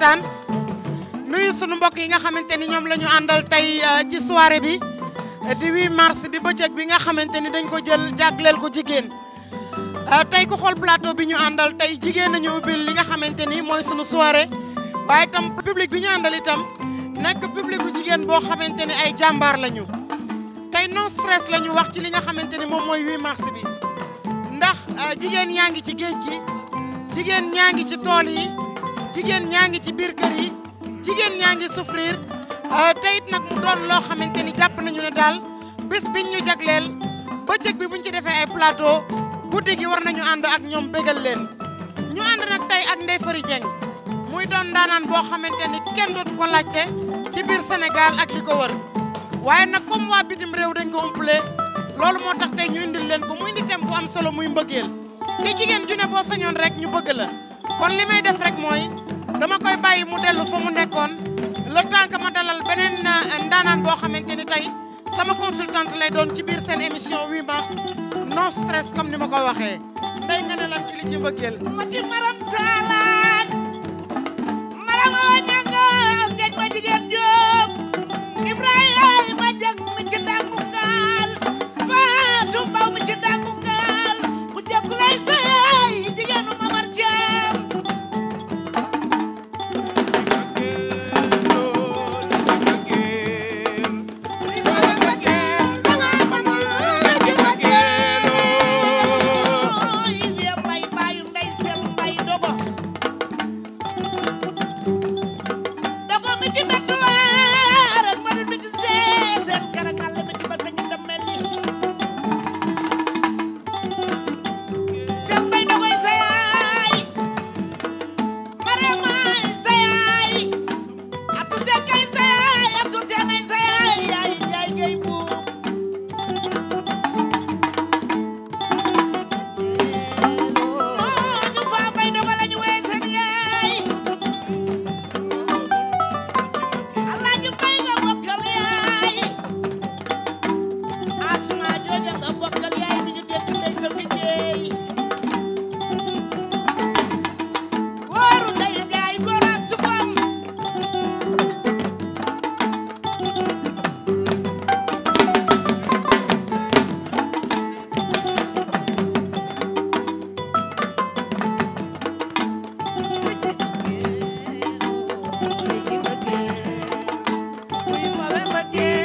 seetaan nuyu sunu mbokk yi nga xamante ni ñoom la àndal tey euh, ci soirée bi euh, di 8 mars di bëccëg bi nga xamante ni dañ ko jël jagleel ko jigéen euh, tey ku xool plateau bi ñu àndal tey jigéen nañu ubbil li nga xamante ni mooy sunu soirée waaye tam public bi ñu àndal itam nekk public bu jigéen boo xamante ni ay jàmbaar lañu tey non stress la ñu wax ci li nga xamante ni moom mooy 8 mars bi ndax jigéen ñaa ngi ci géej gi jigéen ñaa ngi ci tool yi jigéen ñaa ngi ci ñaa ngi souffrir euh, te it nag mu doon loo xamante ni jàpp nañu ne daal bés biñ ñu jagleel bëccëg bi buñ ci defee ay plateau guddi gi war nañu ànd ak ñoom bégal leen ñu ànd nag tey ak Ndeye Fary Dieng muy doon daanaan boo xamante ni kenn dootu ko laajte ci biir Sénégal ak li ko wër waaye nag comme waa bitim réew dañ ko umpale loolu moo tax tey ñu indil leen ko mu indi thème bu am solo muy mbëggeel te jigéen ju ne boo sañoon rek ñu bëgg la kon li may def rek mooy dama koy bàyyi mu dellu fa mu nekkoon le temps que ma dalal beneen euh, ndaanaan boo xamante ni tey sama consultante lay doon ci biir seen émission 8 mars non stress comme ni ma ko waxee. tey nga ne lan ci li ci mbëggeel. ma di maram sala muy fa be mbëggeel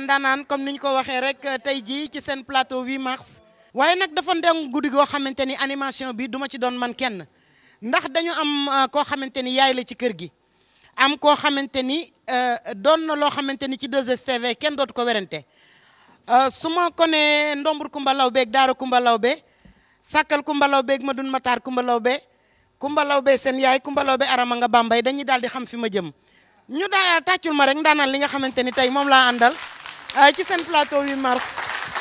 ndaanaan comme ni ñu ko waxee rek euh, tey jii ci seen plateau 8 mars. waaye nag dafa ndeng guddi goo xamante ni animation bi duma ci doon man kenn ndax dañu am euh, koo xamante ni yaay la ci kër gi am koo xamante ni euh, doon na loo xamante ni ci 2STV kenn dootu ko werante su ma ko nee Ndombur Kumba Lawbeeg Daara Kumba Lawbe Sàkkal ma dun Madun Matar Kumba Lawbe Kumba Lawbe seen yaay Kumba Lawbe arama nga Bambay dañuy daal di xam fi ma jëm ñu daa tàccul ma rek ndaanaan li nga xamante ni tey moom laa àndal. Euh, ci seen plateau 8 mars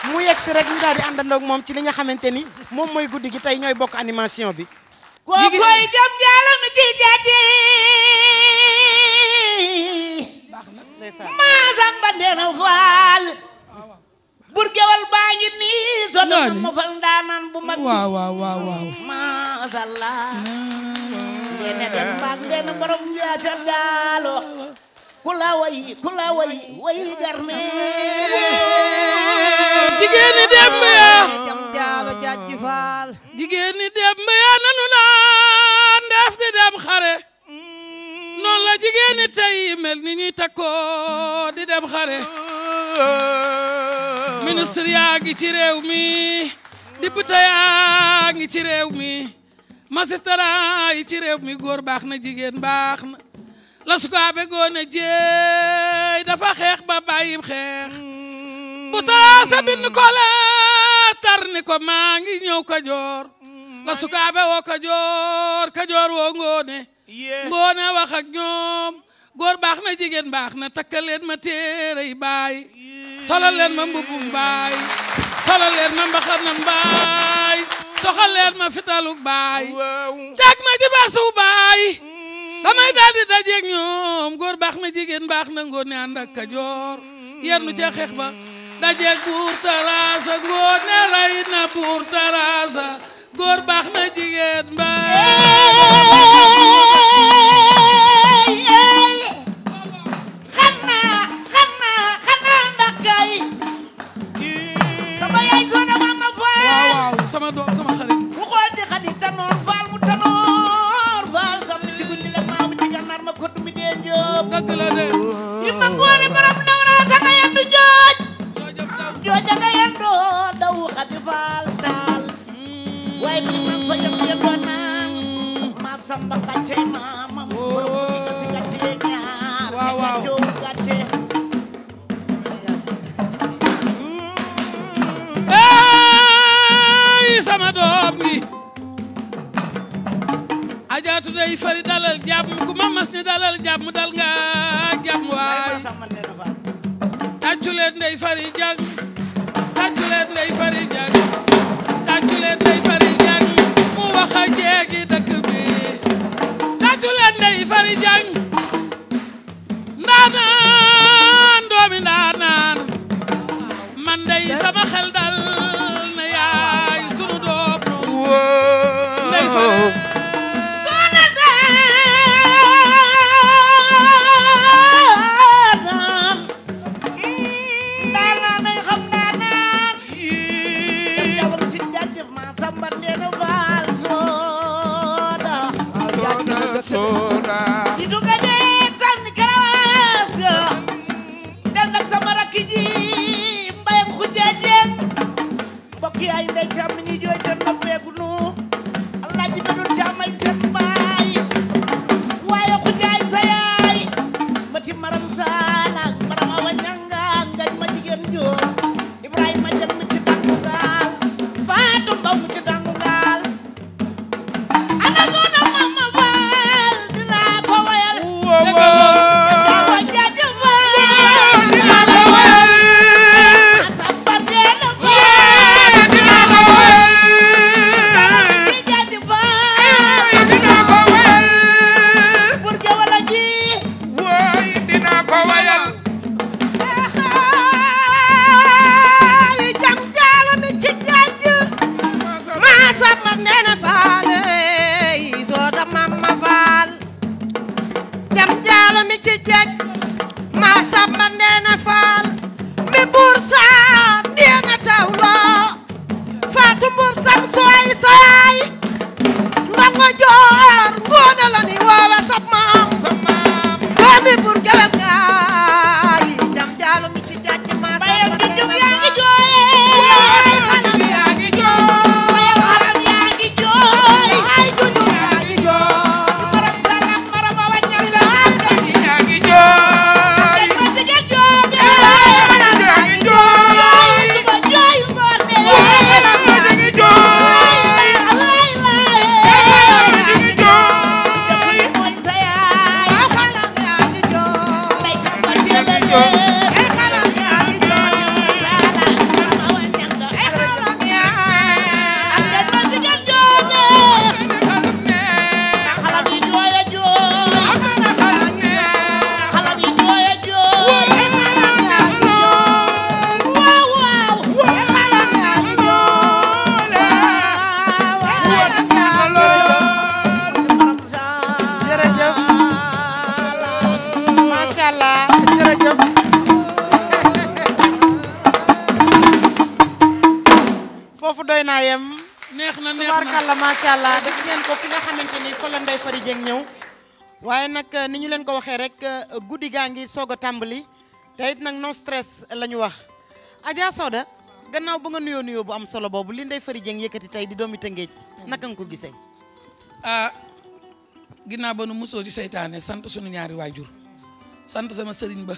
mu yegg si rek ñu daal di moom ci li nga xamante ni moom mooy guddi gi tey ñooy bokk animation bi. koo koy jëm jaalam ci jaati. maa samba faal. bur gewal baa ngi nii. na ma fal bu mag bi. waaw waaw waaw waaw. maasàllaa. ndene borom jaata daalo. kula way kula way way garme jigéen ñi demb yaa jam jaalo jajji faal di dem xare mm. noonu la jigéen tey mel ni ñuy takkoo di dem xare ministre yaa ngi ci réew mi député yaa ngi ci réew mi magistrat yi ci réew mi góor baax na jigéen baax la su ko jéey dafa xeex ba bàyyib xeex bu taraasa ko la tar ni ko maa ngi ñëw kajoor la woo kajoor kajoor woo ngoone ngoone wax ak ñoom góor baax na jigéen baax na takkal ma téere yi baay solal ma mbubbum baay solal ma mbaxanam baay soxal leen ma fitaluk baay teg ma jibasu baay damay daal di dajeeg góor baax na jigéen baax na ngoone ànd ak kajoor yar nu ca xeex ba dajeeg buur taraasa ngoone rey na buur taraasa góor baax na jigéen baax sama doom sama xarit. mu xool di xarit tanoon faal mu tanoon. Diop dëgg la de Demba Ngoone borom ndaw naa sa ka yendu jooj jooja ka yendu daw xadi faal taal hmm. waaye bi ma fa jëm yendu naan ma samba gàcce maamam oh. borom fukki gasi gàcce ñaar waaw waaw joom gàcce ay sama doom bi ajaatu day fari dalal jàmm ku ma mas ni dalal jàmm dal nga jàmm waay tàccu leen day fari jàng tàccu leen day fari jàng tàccu leen day fari jàng mu wax a jeegi dëkk bi tàccu leen day fari jàng ndaanaan doomi ndaanaan man day sama xel daal tàmbali te nag non stress la wax ajaa Soda gannaaw ba nga nuyoo nuyoo bu am solo boobu li Ndeye Fary Dieng tey di doomi Tëngéej naka nga ko gisee a ah, ginnaaw ba nu musoo ci seytaane sant sunu ñaari waajur sant sama sëriñ ba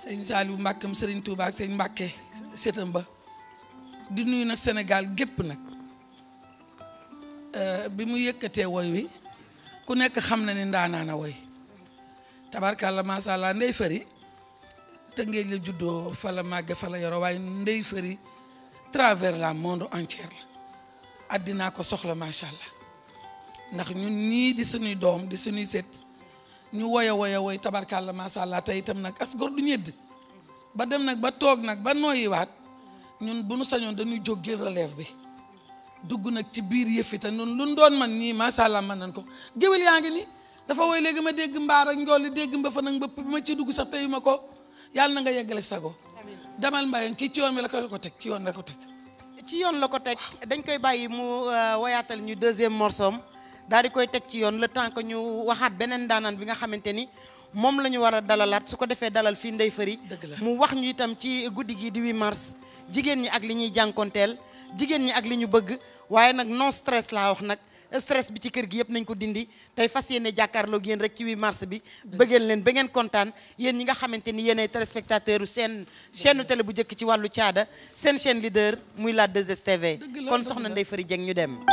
sëriñ Saliou Mbàkke am sëriñ Touba ak sëriñ Mbàkke ba di nuyu nag senegaal gépp nag eh, bi mu yëkkatee woy wi ku nekk xam na ni ndaanaana woy tabarkàlla macha allah ndey fëri tëngéej la juddoo fala la fala fa la yoro waaye ndey fëri travers la monde entière la addinaa ko soxla macha allah ndax ñun nii di sunuy doom di suñuy set ñu woya woya woy tabarkàlla macha allah tey itam nag as gor du ñedd ba dem nag ba toog nag ba nooyiwaat ñun bu nu sañoon dañuy jóg jël bi dugg nag ci biir yëf yi te ñun doon man ñii macha man mën nañ ko géwél yaa ngi nii dafa woy léegi ma dégg mbaar ak njool li dégg mba fa nag mbëpp bi ma ci dugg sax teyu ko yàlla na nga yeggale sago demal mbayeen kii ci yoon bi la ko ko teg ci yoon la ko teg ci yoon la ko teg dañ koy bàyyi mu euh, woyaatal ñu deuxième morceau daal di koy teg ci yoon la temps que ñu waxaat beneen daanaan bi nga xamante ni moom lañu ñu war a dalalaat su ko defee dalal fii Ndeye Fary mu wax ñu itam ci guddi gi di 8 mars jigéen ñi ak li ñuy jànkonteel jigéen ñi ak li ñu bëgg waaye nag non stress laa wax nag stress bi ci kër gi yëpp nañ ko dindi tey fas yéene jàkkaarloo yéen rek ci 8 mars bi bëggeen leen ba ngeen kontaan yéen ñi nga xamante ni yéen ay téléspectateur seen chaîne télé bu njëkk ci wàllu caada seen chaîne leader muy la 2STV kon soxna Ndeye fëri Dieng ñu dem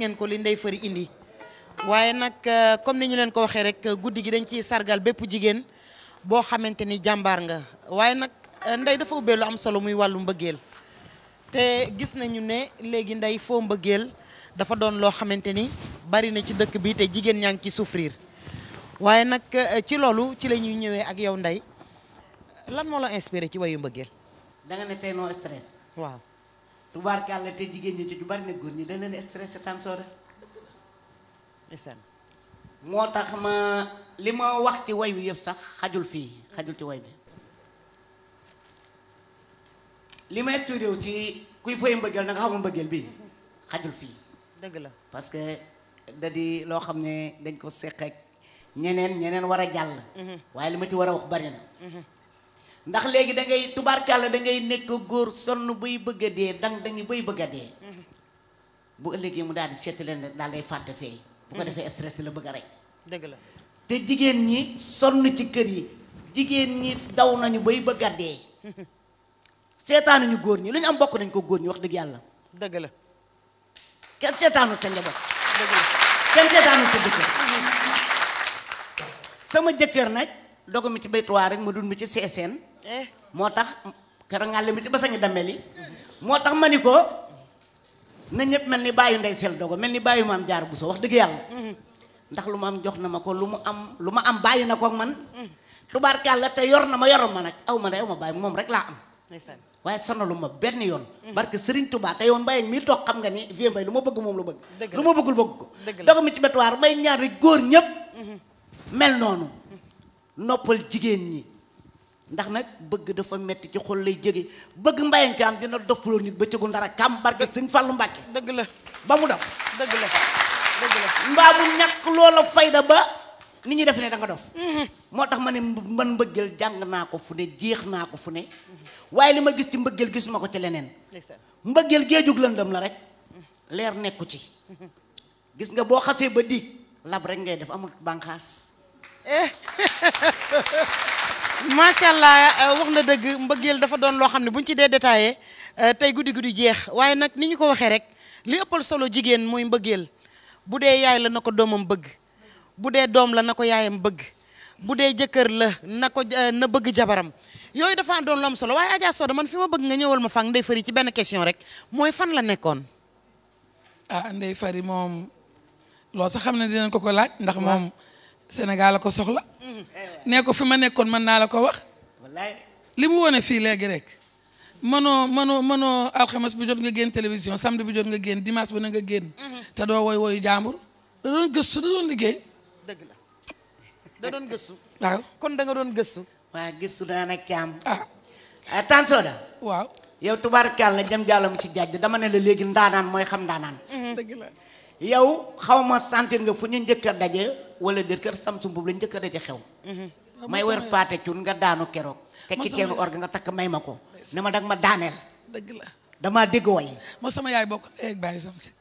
ngeen ko li Ndeye Fary indi waaye nag euh, comme ni ñu leen ko waxee rek guddi gi dañ ciy sargal bépp jigéen boo xamante ni jàmbaar nga waaye nag euh, ndey dafa ubbee lu am solo muy wàllu mbëggeel te gis nañu ne léegi ndey foo mbëggeel dafa doon loo xamante ni bari na ci dëkk bi te jigéen ñaa ngi ci souffrir waaye nag euh, ci loolu ci la ñuy ñëwee ak yow Ndeye lan moo la inspiré ci wayu mbëggeel. waaw. tubaarkàlla te jigéen ñi ci ñu bari na góor ñi dana ne stressé tan sooda moo tax ma li ma wax ci way wi yëpp sax xajul fii xajul ci way bi li may expliqué wu ci kuy fooy mbëggeel na nga xamul mbëggeel bi xajul fii dëgg la parce que da loo xam ne dañ ko seq ñeneen ñeneen war a jàll mhm. waaye li ma ci war a wax bari na mhm. ndax léegi da ngay tubaarkàlla da ngay nekk góor sonn buy bëgg a dee dang dangi buy bëgg a dee mm-hmm. bu ëllëgee mu daal di seeti leen daal lay fàtte fee mm-hmm. defee stress la bëgg a dëgg la te jigéen ñi sonn ci kër yi jigéen ñi daw nañu bay bëgg a mm-hmm. góor ñi lu ñu am bokk nañ ko góor ñi wax dëgg yàlla dëgg la kenn seetaanul sa njaboot la kenn seetaanul sama jëkkër nag dogu mi ci baytuwaa rek ma dund mi ci seeseen Eh, moo tax keroog ngàlle mi ci ba sañu damel moo tax ma ni ko na ñëpp mel ni bàyyu ndey sel dogo mel ni bàyyu maam jaar bu so wax dëgg yàlla ndax lu ma am jox na ma ko lu mu am lu ma am bàyyi na koog man tubaarkàlla te yor na ma yoroon ma nag aw ma day ma bàyyi moom rek laa am waaye sonalu ma benn yoon barke Serigne Touba te yoon Mbaye mii toog xam nga ni vie Mbaye lu ma bëgg moom la bëgg lu ma bëggul bëgg ko dogo mi ci bétuwaar may ñaari góor ñëpp mhm. me noonu ndax nag bëgg dafa metti ci xol lay jóge bëgg mbayam ci am dina dofloo nit ba cëgu ndara kam barke sëñ Fàllu Mbàkke dëgg la ba mu dof dëgg la dëgg la mbaa mu ñàkk loola fayda ba nit ñi def ne da dof mhm. moo tax ma ne man mbëggeel jàng naa ko fu ne jeex naa ko fu ne waaye li ma gis ci mbëggeel gisuma ko ci leneen mbëggeel géejug lëndëm la rek leer nekku ci gis nga boo xasee ba diig lab rek ngay def amul bànqaas eh. macha allah euh, wax na dëgg mbëggeel dafa doon loo xam ne buñ ci dee détaillé euh, tey guddi guddi jeex waaye nag ni ñu ko waxee rek li ëppal solo jigéen mooy mbëggeel bu dee yaay la na ko doomam bëgg bu dee doom la na ko yaayam bëgg bu dee jëkkër la na ko euh, na bëgg jabaram yooyu dafa doon lu solo waaye Adja Soda man fi ma bëgg nga ñëwal ma fang Ndeye Fary ci benn question rek mooy fan la nekkoon. ah Ndeye Fary moom loo sax xam ne dinañ ko ko laaj. ndax moom Sénégal la ko soxla. ne ko fi ma nekkoon mën naa la ko wax li mu wone fii léegi rek mënoo mënoo mënoo alxames bu jot nga génn télévision samedi bu jot nga génn dimanche bu ne nga génn mhm. te doo woy woyu jaambur da doon gëstu da liggéey dëgg la da gëstu waaw kon danga doon gëstu waa gëstu daana caam ah, ah Tanso da waaw yow tubaarkàlla jëm jàlla ci jaaj dama ne la léegi ndaanaan mooy xam ndaanaan mhm. dëgg la yow xaw ma sentir nga fu ñu njëkk a daje wala déet kër Samsung boobu la njëkk a daje xew mhm. ah, may wër paate cun nga daanu keroog tekki kenn orga nga takk may ma ko ne ma dag ma daaneel dëgg la damaa dégg way moo sama yaay bokk ak bàyyi Samsung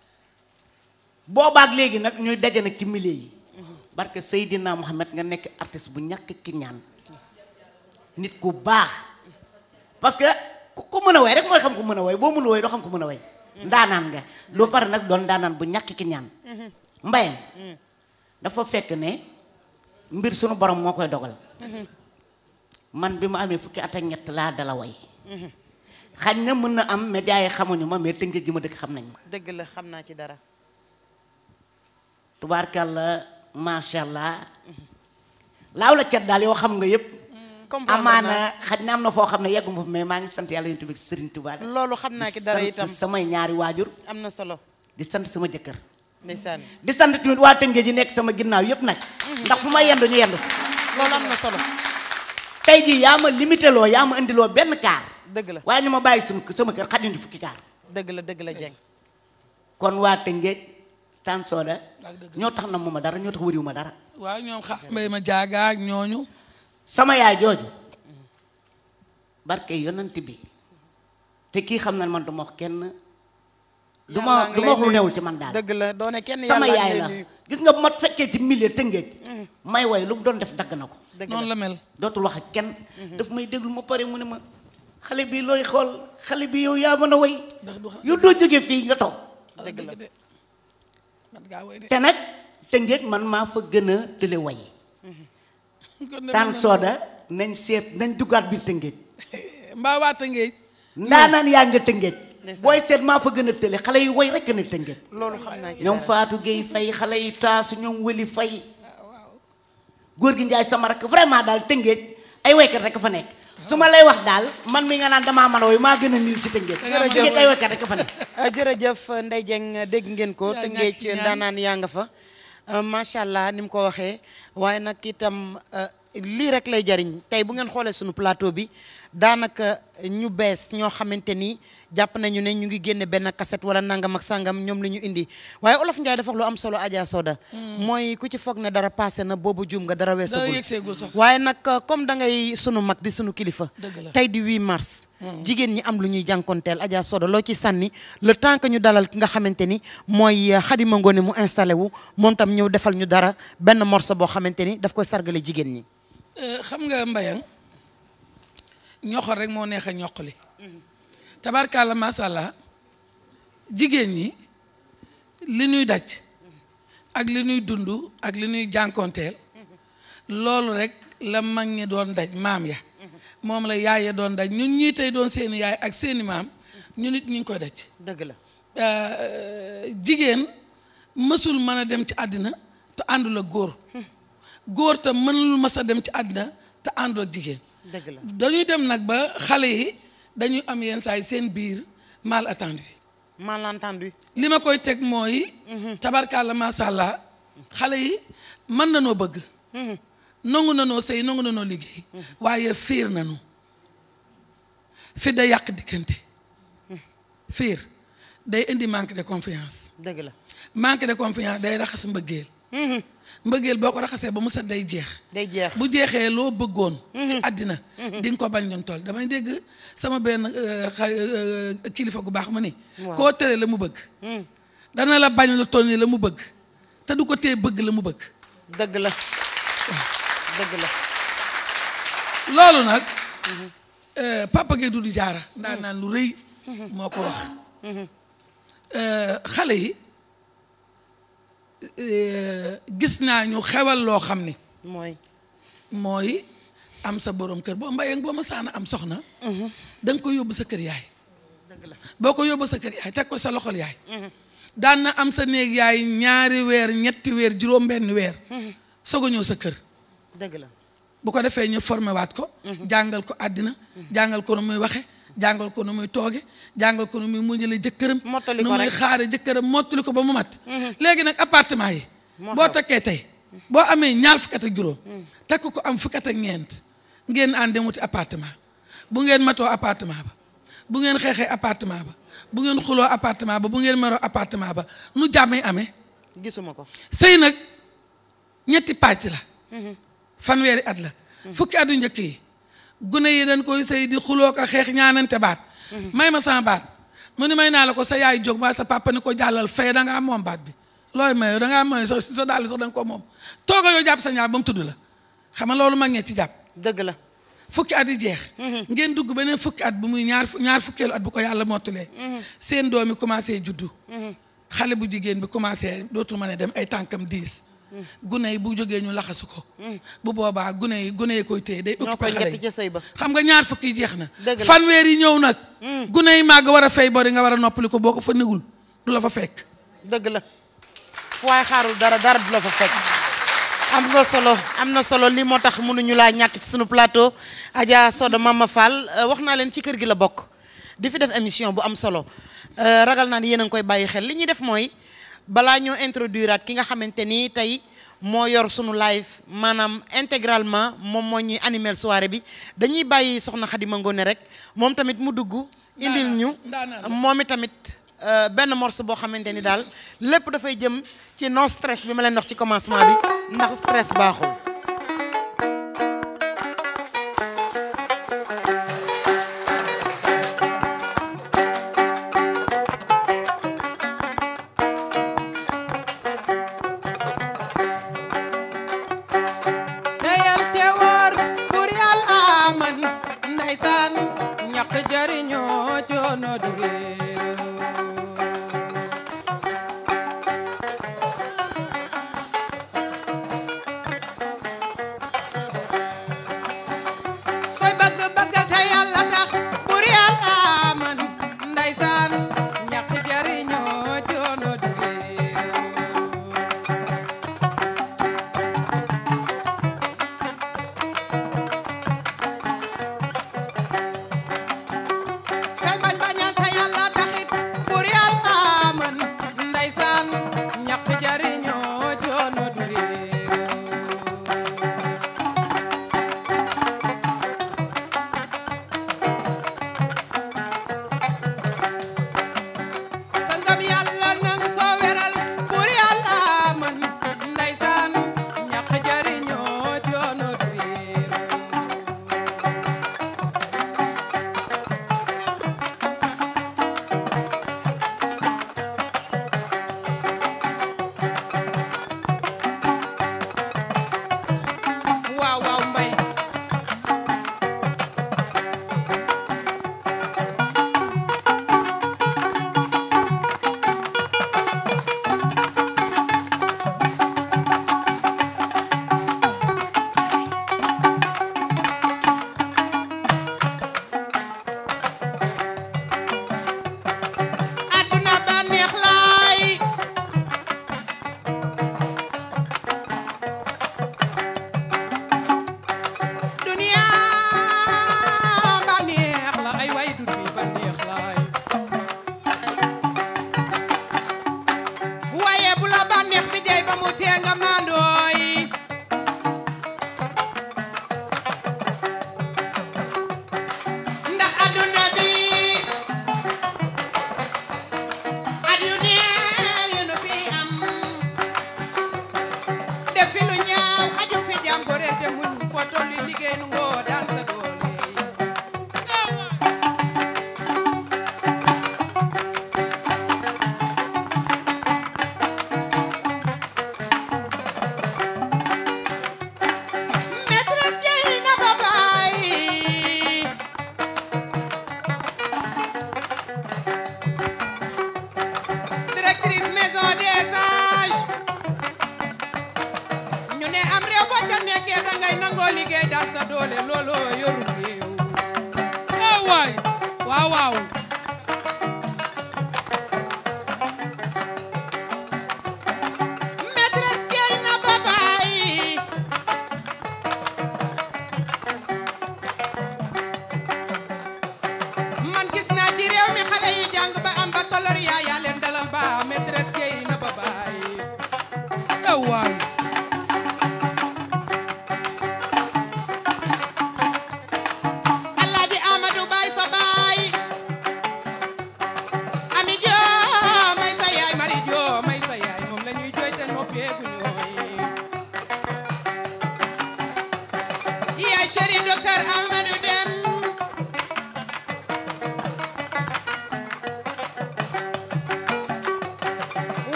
léegi nag ñuy daje nag ci milieu yi mhm. barke Seydina Mohamed nga nekk artiste bu ñàkk ki ñaan nit ku baax parce que ku mën a way rek mooy xam ku mën a way boo mënul way doo xam ku mën a way mhm. ndaanaan nga lu pare nag doon ndaanaan bu ñàkk ki ñaan dafa fekk ne mbir sunu borom moo koy dogal. Mhm. man bi ma amee fukki at ñett laa dala way mhm. xaj na mën na am média yi xamuñu ma mais tënk gi ma dëkk xam nañ ma. dëgg la xam naa ci dara. tubaar tubaarkàlla macha allah laaw la cat daal yoo xam nga yëpp. Mm, amaana xaj na am na foo xam ne yegguma fa mais maa ngi sant yàlla yonent bi Serigne Touba. loolu xam naa ci dara itam di samay ñaari waajur. am na solo di sant sama jëkkër. ndeysaan di sant tamit waa Tëngéej ji nekk sama ginnaaw yëpp nag mhm. ndax fu ma yendu ñu yendu fa loolu am na solo tey jii yaa ma limité yaa ma indiloo benn kaar dëgg la waaye ñu ma bàyyi sama sama kër xajundi fukki kaar dëgg la dëgg la Dieng kon waa Tëngéej tan sooda ñoo tax na mu ma dara ñoo tax wëriwu ma dara waaye ñoom xa mbay ma jaaga ak ñooñu sama yaay jooju barke yonent bi te kii xam na man du wax kenn du ma du ma wax lu newul ci man daal dëgg doone kenn sama yaay la gis nga bu ma fekkee ci milieu tëngeej mm. may woy lu mu doon def dagg na ko noonu la mel dootul wax a kenn mm-hmm. daf may déglu ma pare mu ne ma xale bi looy xool xale bi yow yaa mën a way yow doo jógee fii nga toog ah, dëgg la te nag tëngeej man maa fa gën a tële way mm-hmm. taan sooda nañ seet nañ duggaat bi tëngeej mbaa waa tëngeej ndaanaan yaa nga tëngeej booy seet maa fa gën a tële xale yu woy rek a ne tënge loolu xam naa ñoom Fatou Gueye fay xale yu taasu ñoom wëli fay góor gi Njaay sama rakk vraiment daal tëngeej ay woykat rek fa nekk su ma lay wax daal man mi nga naan damaa mën a woy maa gën a niil ci tëngeej tëngeej ay woykat rek fa nekk ah, jërëjëf Ndeye Dieng dégg ngeen ko tëngeej daanaan yaa nga fa ah, macha allah ni mu ko waxee waaye nag itam ah, lii rek lay jariñ tey bu ngeen xoolee suñu plateau bi daanaka ñu bees ñoo xamante ni jàpp nañu ne ñu ngi génne benn kaset wala nangam ak sangam ñoom la ñu indi waaye olof Ndiaye dafa lu am solo Adja Soda. Mm. mooy ku ci foog ne dara paase na boobu juum nga dara weesagul. waaye nag euh, comme da ngay sunu mag di sunu tey di 8 mars. Mm. jigéen ñi am lu ñuy jànkonteel Adja Soda loo ci sànni le temps que ñu dalal ki nga xamante ni mooy Xadima euh, ngoone mu installé wu moom tam ñëw defal ñu dara benn morceau boo xamante ni daf koy sargale jigéen ñi. Euh, xam nga Mbayang ñoxor rek moo neex a ñoqali tabarkalla macha allah jigéen ñi li ñuy daj ak li ñuy dund ak li ñuy jànkonteel loolu rek la mag ñi doon daj maam ya moom la yaay ya doon daj ñu ñii doon seeni yaay ak seeni maam ñu nit ñu koy daj dëgg la euh, jigéen mësul mën a dem ci àddina te àndul ak góor góor te mënul mës a dem ci àddina te àndul ak jigéen dañuy dem nag ba xale yi dañuy am yenn saa yi seen biir mal attendu. mal li ma koy teg mooy. Mhm. tabarkalla macha xale yi mën noo bëgg. Mhm. nangu noo sëy nangu nanoo liggéey. Mhm. waaye fiir nanu fi day yàq diggante. fiir day indi manque de confiance. dëgg la manque de confiance day raxas mbëggeel. mbëggeel boo ko raxasee ba mu set day jeex. day jeex bu jeexee loo bëggoon. ci mhm. àddina. Mhm. di ko bañ ñoom tool damay dégg sama benn euh, euh, euh, kilifa gu baax ma ni koo tere la mu bëgg. Mhm. dana la bañ lu toll nii la mu bëgg te du ko tee bëgg la mu bëgg. dëgg la loolu nag. papa du Doudou Diarra. daan naan lu rëy. moo ko wax. xale yi. Euh, gis naa ñu xewal loo xam ni. mooy. mooy am sa borom kër boo mbayee boo ma saana am soxna. Mm-hmm. da nga ko yóbbu sa kër yaay. la boo ko yóbbu sa kër yaay teg ko sa loxol yaay. Mm-hmm. daan na am sa néeg yaay ñaari weer ñetti weer juróom benn weer. Mm-hmm. soog a ñëw sa kër. la bu ko defee ñu formé waat ko. jàngal ko àddina. jàngal ko nu muy waxe jàngal ko no muy tooge jàngal ko nu muy muñale jëkkëram nu muy xaare jëkkëram mottali ko ba mu mat mhm. léegi nag apartement yi boo takkee tey boo amee ñaar fukkat ak juróom mhm. ko am fukkat ak ñeent ngeen ànd dem wuti appartement bu ngeen matoo appartement ba bu ngeen xeexee appartement ba bu ngeen xuloo appartement ba bu ngeen meroo appartement ba nu jàmmee amee gisuma ko sëy nag ñetti pàcc la mhm. fanweeri at la fukki atu njëkk yi gune yi dañ koy sëy di xuloo ko xeex ñaanante baat may ma sama baat mu ni may naa la ko sa yaay jóg waa sa papa ni ko jàllal fay danga ngaa moom baat bi looy mayo da ngaa mayo sa sa dàll sax da nga ko moom tooga yoo jàpp sa ñaar ba mu tudd la xam nga loolu mag ñee ci jàpp dëgg la fukki at yi jeex mhm. ngeen dugg beneen fukki at bu muy ñaar ñaar fukkeelu at bu ko yàlla mottulee mhm. seen doom yi commencé juddu mhm. xale bu jigéen bi commencé dootul mën a dem ay tànkam diis gune yi bu jógee ñu laxasu ko mm. bu boobaa gune yi gune yi koy téye day occupé xale yi xam nga ñaar fukk yi jeex na fanweer yi ñëw nag mm. gune yi màgg war a fay bori nga war a noppali ko boo ko fa négul du la fa fekk dëgg la waaye xaarul dara dara du la fa fekk am nga solo am na solo lii moo tax mënuñu laa ñàkk ci sunu plateau Adja Soda ma Fall euh, wax naa leen ci kër gi la bokk di fi def émission bu am solo euh, ragal naa ni yéen a ngi koy bàyyi xel li ñuy def mooy balaa ñoo introduire at ki nga xamante nii tey moo yor sunu live maanaam intégralement moom moo ñuy animel soirée bi dañuy bàyyi soxna Xadima Ngoné rek moom tamit mu dugg indil ñu moom i tamit euh, benn morceau boo xamante ni daal lépp dafay jëm ci non stress bi ma leen wax ci commencement bi ndax stress baaxul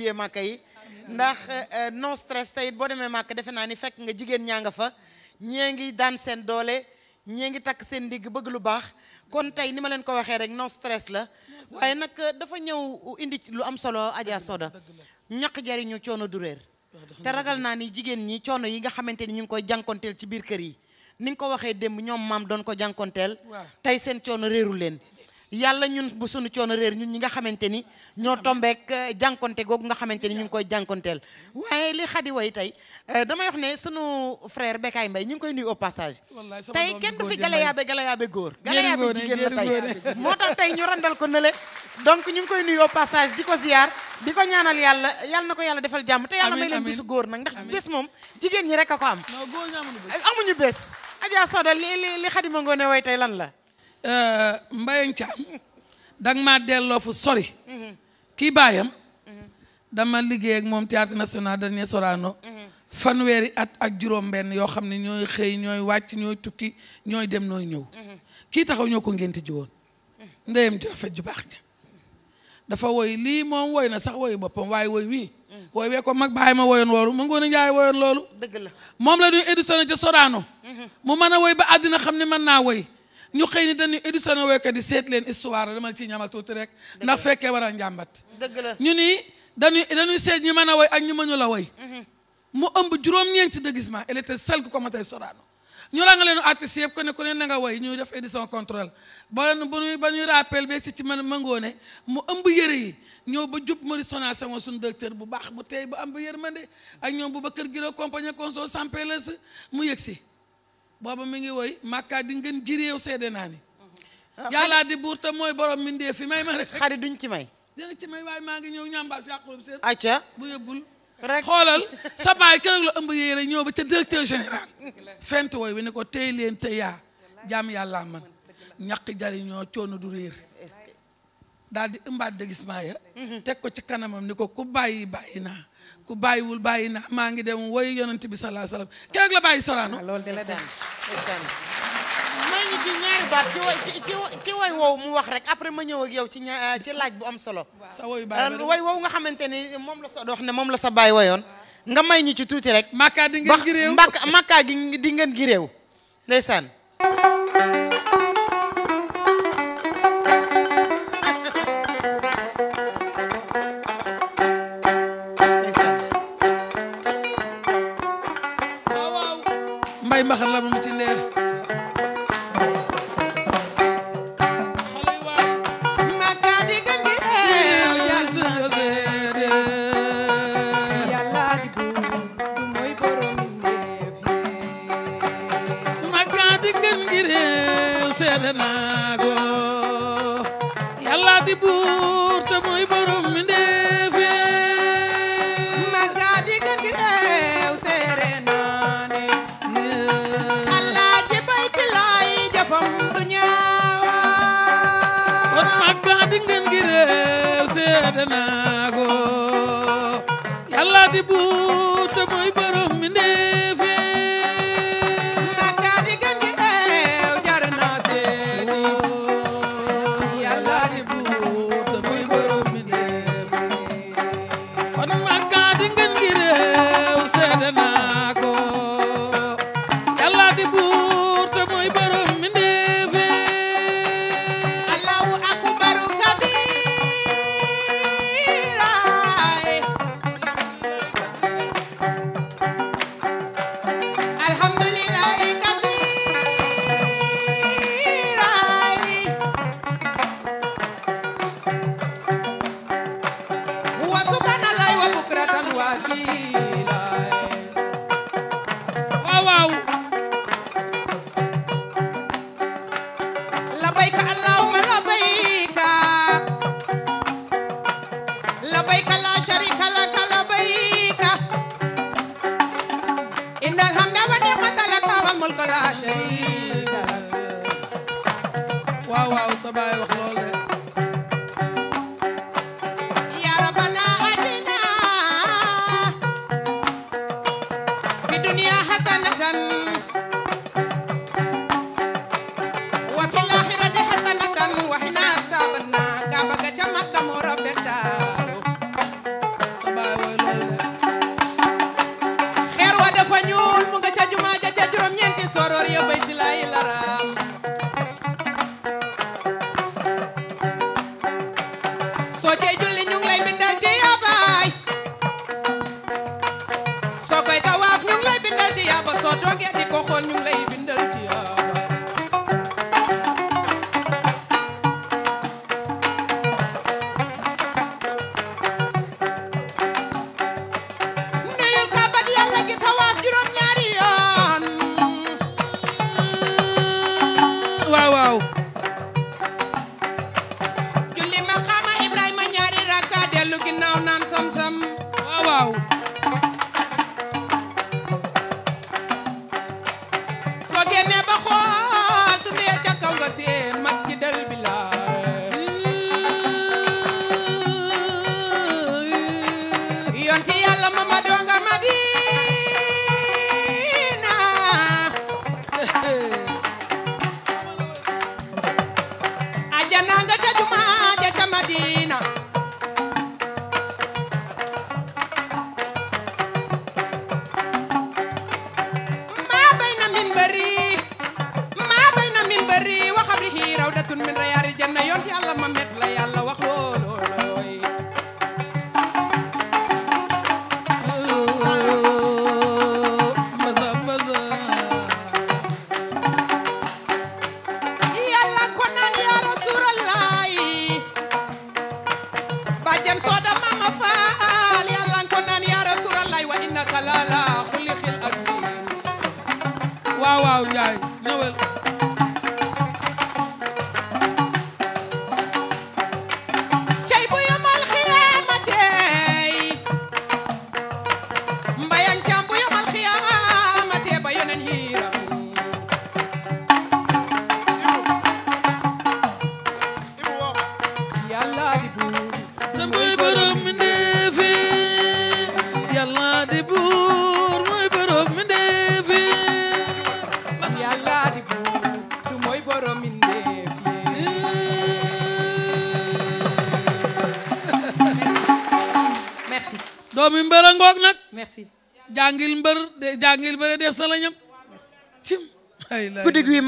biyee màkka yi ndax euh, non stress tey boo demee màkk defe naa ni fekk nga jigéen ñaa nga fa ñee ngi daan seen doole ñee ngi takk seen ndigg bëgg lu baax kon tey ni ma leen ko waxee rek non stress la waaye nag euh, dafa ñëw indi lu am solo Adja Soda ñaq jariñu coono du réer te ragal naa ni jigéen ñi coono yi nga xamante ni ñu ngi koy jànkonteel ci biir kër yi ni nga ko waxee démb ñoom maam doon ko jànkonteel tey seen coono réeru leen yàlla ñun bu sunu coono réer ñun ñi nga xamante ni ñoo tombeek euh, jànkonte googu nga xamante ni ñu ngi koy jànkonteel waaye li xadi way tey euh, damay wax ne sunu frère Bekaay Mbaye ñu ngi koy nuyu au passage tey kenn du fi galayaabe galayaabe góor galayaabe jigéen la tey moo tax tey ñu randal ko nële donc ñu ngi koy nuyu au passage di ko ziyaar di ko ñaanal yàlla yàlla na ko yàlla defal jàmm te yàlla may leen bisu góor nag ndax bés moom jigéen ñi rek a ko am amuñu la Eh, Mbayang Thiam ma maa delloo fu sori kii baayam dama liggéey ak moom théâtre national Daniel Sorano fanweeri at ak juróom-benn yoo xam ne ñooy xëy ñooy wàcc ñooy tukki ñooy dem nooy ñëw kii taxaw ñoo ko ngénte ji woon ndeyam ju rafet ju baax ja dafa woy lii moom woy na sax woy boppam waaye woy wii woy wee ko mag bàyyi ma woyoon loolu ma loolu dëgg la moom la ñuy éditionné ca Sorano mhm. mu mën a woy ba àddina xam ne mën naa woy ñu xëy ni dañu édition woykat yi seet leen histoire dama ci ñamal tuuti rek ndax fekkee war a njàmbat dëgg ñu ni dañuy dañuy seet ñi mën a woy ñu ma mënu la woy mhm. mu ëmb juróom-ñeenti déguisement elle était seule ku commencé Sorano ñu rangale nu artistes yëpp ku ne ku ne na nga woy ñu def édition contrôle ba buñuy ba ñuy rappel ba si ci man mangoone mu ëmb yëre yi ñëw ba jub Maurice Sonar Senghor suñu docteur bu baax bu tey bu am ba yërmande ak ñoom bu ba kër giro compagnie conso sampelesi mu yëg si booba mi ngi woy màkkaa di ngeen ji réew seede naa ni ah, yàllaa di buur mooy borom mindee fi may ma rek xarit duñ ci may dina ci may waaye maa ngi ñëw ñambaas yàqulub séer acca bu yëbbul rek xoolal sa baay keroog la ëmb yéere ñëw ba ca directeur général fent wooy bi ne ko tey leen te yaa jam yàllaa man ñaq jariñoo coono du réer daal di ëmbaat déguisement ya mhm. teg ko ci kanamam ni ko ku bàyyi naa ku bàyyiwul bàyyi na maa ngi dem woy yonent bi salaa salaam keroog la bàyyi soraano ah, loolu de la daan maa ngi ci ñaari baat ci way woow mu wax rek après ma ñëw ak yow ci ña ah, ci laaj bu am solo sa woyu bàyyi way um, woowu nga xamante ni moom la sa dox ne moom la sa bàyyi wayoon nga may ñi ci tuuti rek makkaa di ngeen gi réew makkaa gi di ngeen gi réew ndeysaan gi réew seede naa ko yàlla di buur te mooy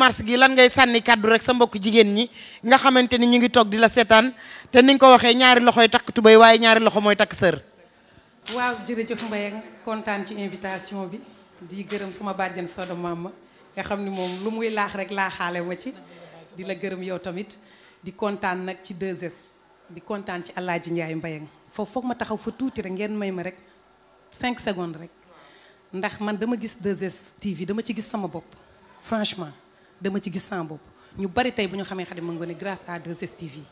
mars gi lan ngay sànni kàddu rek sa mbokk jigéen ñi nga xamante ni ñu ngi toog di la seetaan te ni ko waxee ñaari loxoy takk tubéy waaye ñaari loxo mooy takk sër waaw jërëjëf Mbaye kontaan ci invitation bi di gërëm sama bàjjen Soda Mama nga xam ni moom lu muy laax rek laaxaale ma ci di la gërëm yow tamit di kontaan nag ci 2S di kontaan ci ji Njaay Mbaye foofu foog ma taxaw fa tuuti rek ngeen may ma rek cinq secondes rek ndax man dama gis 2S TV dama ci gis sama bopp dama ci gis sama bopp ñu bari tey bu ñu xamee Khadima Ngoné grâce à 2STV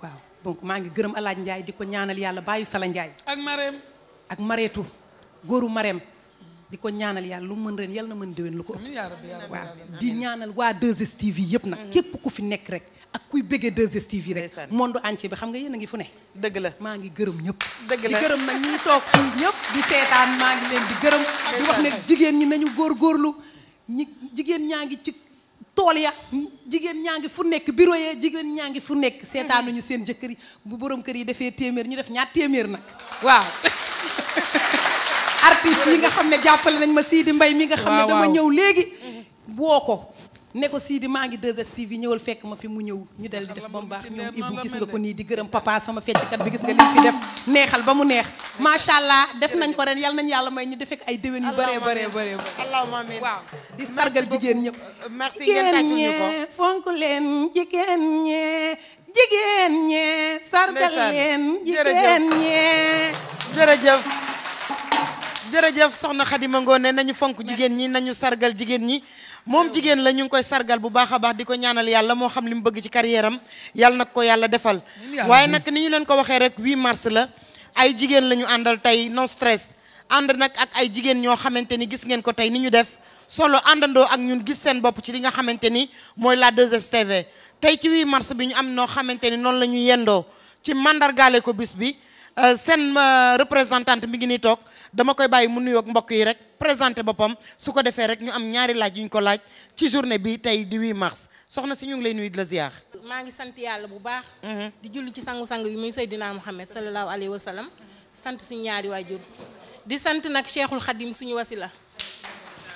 waaw donc maa ngi gërëm alaaj Ndiaye di ko ñaanal yàlla bàyyi Sala Ndiaye. ak Marème. ak Mareetu góoru Marème di ko ñaanal yàlla lu mën ren yàlla na mën déwén lu ko ëpp. waaw di ñaanal waa 2STV yëpp nag. Mm. képp ku fi nekk rek. ak kuy bëggee 2STV rek monde entier bi xam nga yéen ngi fu ne. dëgg la maa ngi gërëm ñëpp. dëgg la di gërëm nag ñiy toog fii ñëpp. di seetaan maa ngi leen di gërëm. ñaa ngi tool ya jigéen ñaa ngi fu nekk biro ya jigéen ñaa ngi fu nekk seetaanuñu seen jëkkër yi bu boroom kër yi defee téeméer ñu def ñaar téeméer nag waaw artiste yi nga xam ne jàppale nañ ma Sidi mbay mi nga xam ne dama ñëw léegi boo ko nekko sii di maa ngi 2STV ñëwal fekk ma fi mu ñëw ñu dal di def ba mu baax ñoom Ibou gis nga ko nii di gërëm papa sama fecckat bi gis nga li fi def neexal ba mu neex macha allah def nañ ko ren yal nañ yàlla may ñu defek ay déwén yu bare bëree bëree allahumma amiin waaw di sargal jigéen ñëpp merci jigéen ñe fonk leen jigéen ñe jigéen ñe sargal leen jigéen ñe jërëjëf jërëjëf nañu fonk jigéen ñi nañu sargal jigéen ñi moom jigéen la ñu ngi koy sargal bu baax a baax di ko ñaanal yàlla moo xam li mu bëgg ci carrière am nag ko yàlla defal waaye nag ni ñu leen ko waxee rek 8 mars la ay jigéen la ñu àndal tey no stress ànd nag ak ay jigéen ñoo xamante ni gis ngeen ko tey ni ñu def solo àndandoo ak ñun gis seen bopp ci li nga xamante ni mooy la 2STV tey ci 8 mars bi ñu am noo xamante ni noonu la ñu yendoo ci màndargale ko bis bi euh, seen euh, représentante mi ngi nii toog dama koy bàyyi mu nuyoog mbokk yi rek présenté boppam su ko defee rek ñu am ñaari laaj yuñ ko laaj ci journée bi tey di 8 mars soxna si ñu ngi lay nuyu di la ziar. maa ngi sant yàlla bu baax. Mhm. di julli ci sangu-sangu yi muy Seydina Muhammad sallallahu alayhi wa sallam sant suñu ñaari waajur di sant nag Cheikhul Khadim suñu la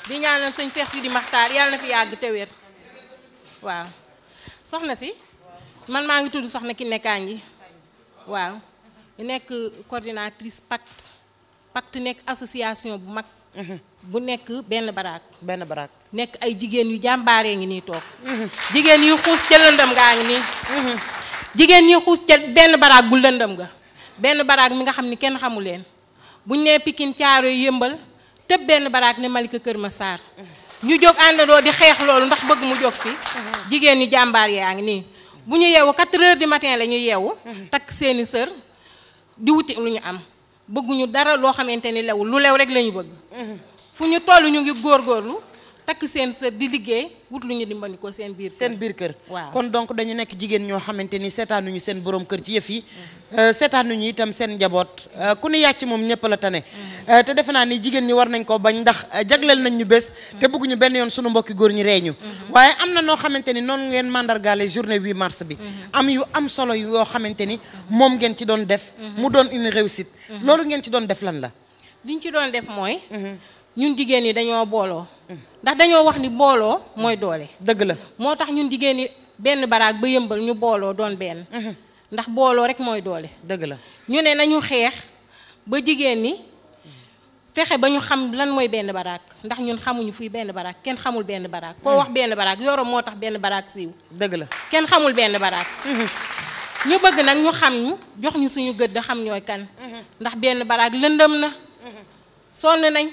di ñaanal sëñ Cheikh di Maxtaar yàlla na fi yàgg te wér waaw soxna si man maa ngi tudd soxna Kiné Kandji waaw nekk coordinatrice pacte pacte nekk association bu mag. Mm-hmm. bu nekk benn baraag benn baraak nekk ay jigéen yu jàmbaaree ngi nii toog. Mm-hmm. jigéen yu xuus ca lëndëm gaa ngi nii. Mm-hmm. jigéen ñi xuus ca benn baraak bu lëndëm ga benn baraag mi nga xam ni kenn xamu leen buñ nee caaro yu yëmbal tëb benn baraak ne Malika Kër ma saar ñu jóg àndandoo di xeex loolu ndax bëgg mu jóg fi jigéen ñi jàmbaar yaa ngi nii bu ñu yeewu 4 heures du matin lañu ñu yeewu takk seeni sër di wuti lu ñu am bëgguñu dara loo xamante ni lewul lu lew rek la ñu bëgg fu ñu tollu ñu ngi góorgóorlu takk seen sër di liggéey wut lu ñu dimbali seen biir seen biir kër waaw kon donc dañu nekk jigéen ñoo xamante ni seetaanuñu seen borom kër ci yëf yi mm-hmm. euh, seetaanuñu itam seen njaboot euh, ku ni yàcc moom ñëpp la tane mm-hmm. euh, te defe naa ni jigéen ñi war nañ ko bañ ndax jagleel nañ ñu bés mm-hmm. te bëgguñu benn yoon sunu mbokki góor ñi reeñu waaye am na noo xamante ni noonu ngeen mandargaale journée 8 mars bi am yu am solo yoo xamante ni moom ngeen ci doon def mu doon une réussite loolu ngeen ci doon def lan la ñun jigéen ñi dañoo booloo. ndax dañoo wax ni booloo mooy doole. dëgg la moo tax ñun jigéen ñi benn baraag ba yëmbal ñu booloo doon benn. Mhm. booloo rek mooy doole. dëgg la ñu ne nañu xeex ba jigéen ñi fexe ba ñu xam lan mooy benn baraag ndax ñun xamuñu fuy benn baraag kenn xamul benn baraag. koo mhm. wax benn baraag yoro moo tax benn baraag siiw. dëgg la kenn xamul benn baraag. Mhm. ñu bëgg nag ñu xam ñu jox ñu suñu gëdd xam ñooy kan. ndax benn baraag lëndëm na. sonn nañ.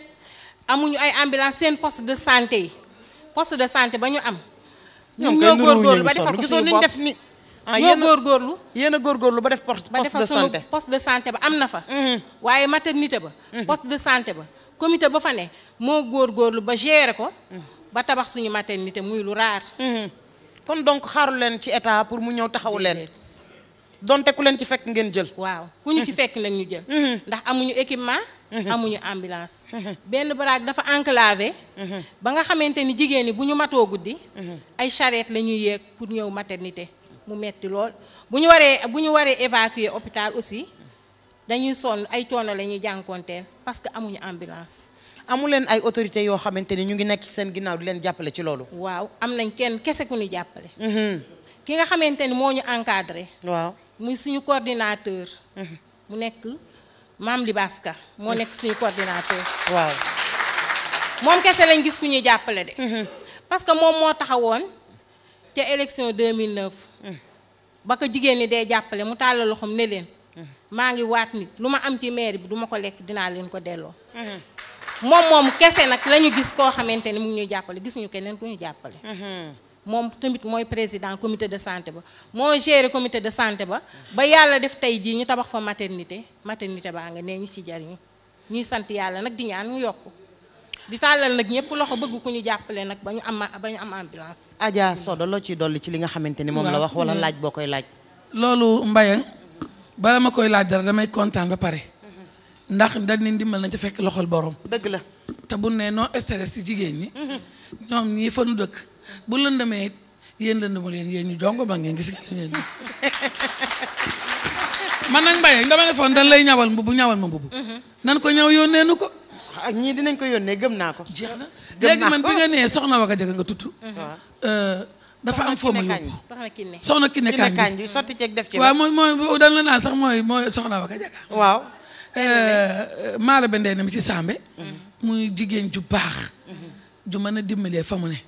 amuñu ay ambulance seen poste de santé yi poste de santé ba ñu am. ñun ñoo góorgóorlu ba defal ko suñu bopp def ni. ah góorgóorlu. yéen a góorgóorlu ba def poste de santé ba defal sunu poste de santé ba am na fa. Mhm. waaye maternité ba. Mhm. poste de santé ba commité ba fa ne moo góor góorlu ba gérer ko. Mhm. ba tabax suñu maternité muy lu raar. kon donc xaaru leen ci état pour mu ñëw taxawu leen. donte ku leen ci fekk ngeen jël. waaw ku ñu ci fekk la ñu jël. Mhm. ndax amuñu équipement. Mhm. amuñu ambulance. Mhm. benn baraag dafa enclavé. ba nga xamante ni jigéen ñi bu ñu matoo guddi. ay charrette la ñuy yéeg pour ñëw maternité mu metti lool bu ñu waree bu ñu waree évacué hôpital aussi dañuy sonn ay coono la ñuy jànkonteel parce que amuñu ambulance. amu leen ay autorité yoo xamante ni ñu ngi nekk ci seen ginnaaw di leen jàppale ci loolu. waaw am nañ kenn kese ku ñu jàppale. ki nga xamante ni moo ñu encadré. muy suñu coordinateur. Mm-hmm. mu nekk Mame Libasse Ka moo nekk suñu coordinateur. waaw moom kese lañ gis ku ñuy jàppale de. Mm-hmm. parce que moom moo taxawoon ca élection 2009. Mm-hmm. ba ko jigéen ñi dee jàppale mu tàllal loxoom ne leen. maa ngi waat nit lu ma am ci maire bi duma ko lekk dinaa leen ko delloo. moom moom kese nag lañu gis koo xamante ni mu ñuy jàppale gisuñu keneen ku ñu jàppale. moom tamit mooy président comité de santé ba moo géré comité de santé ba ba yàlla def tey jii ñu tabax fa maternité maternité baa nga nee ñu ci jariñu ñuy sant yàlla nag di ñaan mu yokk di tàllal nag ñëpp loxo bëgg ku ñu jàppale nag ba ñu am ba ñu am ambulance. Adja Sodo loo ciy dolli ci li nga xamante ni moom la wax wala mm. laaj boo koy laaj. loolu Mbayang bala ma koy laaj dara damay kontaan ba pare ndax dañ ne ndimbal nañ ci fekk loxol boroom dëgg la te bu jigéen ñi. Mm-hmm. bu lëndamee it yéen lëndamu yeen yéen ñu jongo ba ngeen gis ngeen man nag Mbaye dama lay ñawal mbubu ñawal ma mbubu mhm. nan ko ñaw yónnee nu ko ak ah, ñii dinañ ko yónnee gëm naa ko jeex na léegi man bi nga nee soxna waga jëga nga tuttu mhm. euh, dafa am foo ma yóbbu soxna kinne kaañ bi sotti ceeg def ci waaw mooy mooy dan la naan sax mooy mooy soxna waga jaga waaw euh, maara ba ndey na mi ci Sambe mhm. muy jigéen ju baax ju mën a dimbalee fa mu ne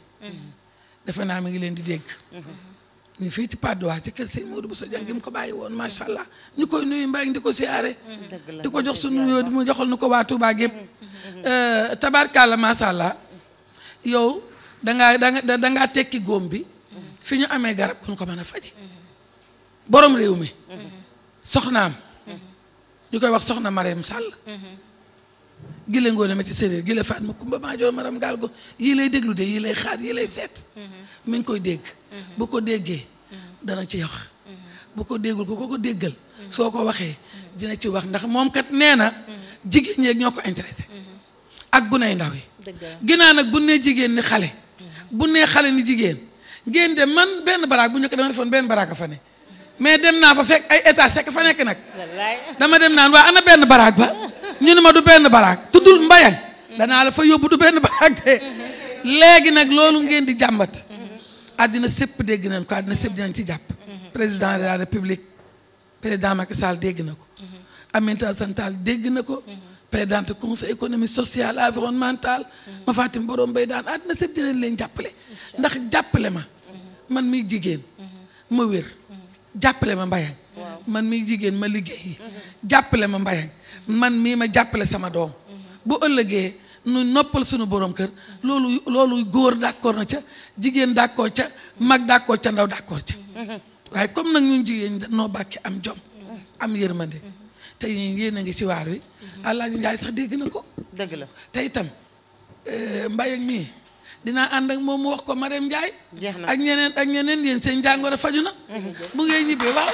defe naa mi ngi leen di dégg. Mm-hmm. ñu fii ci Patte d'Oie ci kër sëñ Modou Bousso Dieng ko bàyyi woon macha allah ñu koy nuyu mbay di ko siyaare. Mm-hmm. di ko jox suñu nuyoo di mu joxal nu ko waa Touba gépp mm-hmm. euh, tabarkalla macha allah yow danga dangaa dangaa tekki góom bi fi ñu amee garab bu ñu ko mën a faje borom réew mi soxnaam ñu koy wax soxna Marème Sall. gile ngoone ma ci séeréer gile faat ma kumba maa joor maram gaal go yii déglu de yii lay xaar yii lay seet mhm. mi koy dégg mhm. bu ko déggee mhm. dana ci wax bu ko déggul ko ko ko déggal soo ko waxee dina ci wax ndax moom kat nee na jigéen ñi ñoo ko intéressé ak guney ndaw yi ginnaaw nag bu nee jigéen ni xale bu nee xale ni jigéen ngeen de man benn baraag bu ñu ko dama defoon fa ne naa fa fekk ay état sekk fa nekk nag dama dem naan waa ana benn baraag ba ñu ne ma du benn baraag tuddul mbayang danaa la fa yóbbu du benn baraag de léegi nag loolu ngeen di jàmbat addina sépp dégg nañ ko àddina sépp dinañ ci jàpp président de la république président Macky Sall dégg na ko Aminata Assane Tall dégg na ko présidente conseil économique social environnemental ma fàttim borom mbay daan àddina sépp dinañ leen jàppale ndax jàppale ma man mi jigéen ma wér jàppale ma mbayang man mi jigéen ma liggéey jàppale ma mbayang man mii ma jàppale sama doom bu ëllëgee nu noppal suñu borom kër loolu loolu góor d'accord na ca jigéen d'accord ca mag d'accord ca ndaw d'accord ca waaye comme nag ñun jigéen ñi noo bàkki am jom am yërmande te yéen a ngi ci waar wi Alaaji Njaay sax dégg na ko dëgg la te itam eh, mbayang mii dinaa ànd ak moom mu wax ko Marème Ndiaye. jeex na ak ñeneen ak ñeneen yéen seen jàngoro faju na. bu ngeen ñibbee waaw.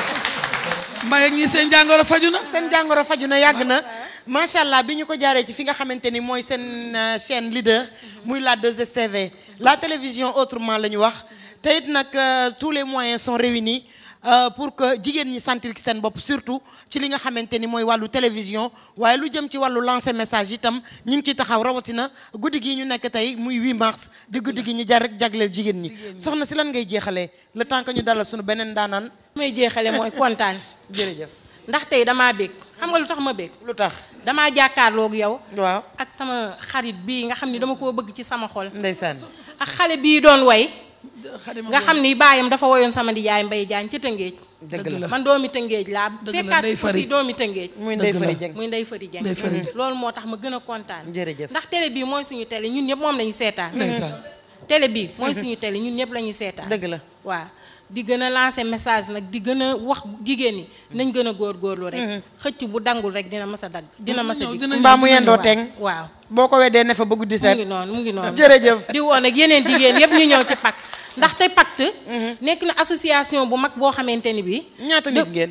mbay ak ñi seen jàngoro faju na. seen jàngoro faju na yàgg na. macha allah bi ñu ko jaaree ci fi nga xamante ni mooy seen euh, chaîne leader. muy la 2STV. la télévision autrement la ñu wax. te it nag euh, tous les moyens sont réunis. Euh, pour que jigéen ñi sentir ci seen bopp surtout ci li nga xamante ni mooy wàllu télévision waaye lu jëm ci wàllu lancer message itam ñu ngi ciy taxaw rawatina guddi gi ñu nekk tey muy 8 mars di guddi gi ñu jar rek jagleel jigéen ñi soxna si lan ngay jeexalee le temps que ñu dalal suñu beneen daanaan may jeexale mooy kontaan jërëjëf ndax tey damaa bég xam nga lu tax ma bég lu tax damaa jàkkaarloog yow waaw ak sama xarit bii nga xam ne dama koo bëgg ci sama xol ndeysaan ak xale bii doon way nga xam ni baayam dafa woyoon sama ndijaay Mbaye Diagne ca Tëngéej. dëgg la man doomi Tëngéej laa. dëgg la fekkaat aussi doomi Tëngéej. muy Ndeye Fary Dieng muy Ndeye loolu moo tax ma gën a kontaan. jërëjëf ndax télé bii mooy suñu télé ñun ñëpp moom la ñu seetaan. télé bii mooy suñu télé ñun ñëpp la seetaan. dëgg la waaw. di gën a lancer message nag di gën a wax jigéen ñi nañ gën a góorgóorlu rek. Mm-hmm. xëcc bu dangul rek dina mas a dagg. dina mas a mm-hmm. dig yendoo teng waaw boo ko weddee ne ba ndaxte pacte. Mhm. nekk na association bu mag boo xamante ni bii. ñaata nit ngeen.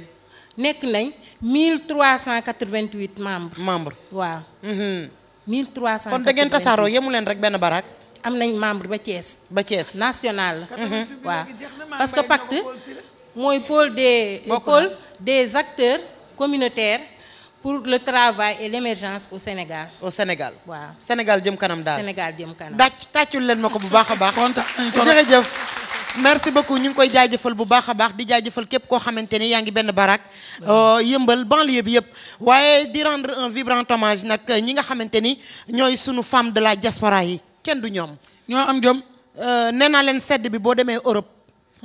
nekk nañ mille cent 1388 membres. membres membre waa mhm. kon da ngeen tasaaroo yemu leen rek benn baraak. am nañ membre ba Thiès. ba Thiès national la. waaw mhm. parce que pacte mooy pôle des. pôle des acteurs communautaire pour le travail et l'émergence au Sénégal. au Sénégal waaw Sénégal jëm kanam daal Sénégal jëm kanam. dàcc tàccul leen ma ko bu baax a baax. kontaan jëf merci beaucoup ñu ngi koy jaajëfal bu baax a baax di jëfal képp koo xamante ni yaa ngi benn barak euh, yëmbal banlieue bi yëpp waaye di rendre un vibrant tomage nag euh, ñi nga xamante ni ñooy sunu femme de la diaspora yi kenn du ñoom. ñoo am jom. Euh, nee naa leen sedd bi boo demee Europe.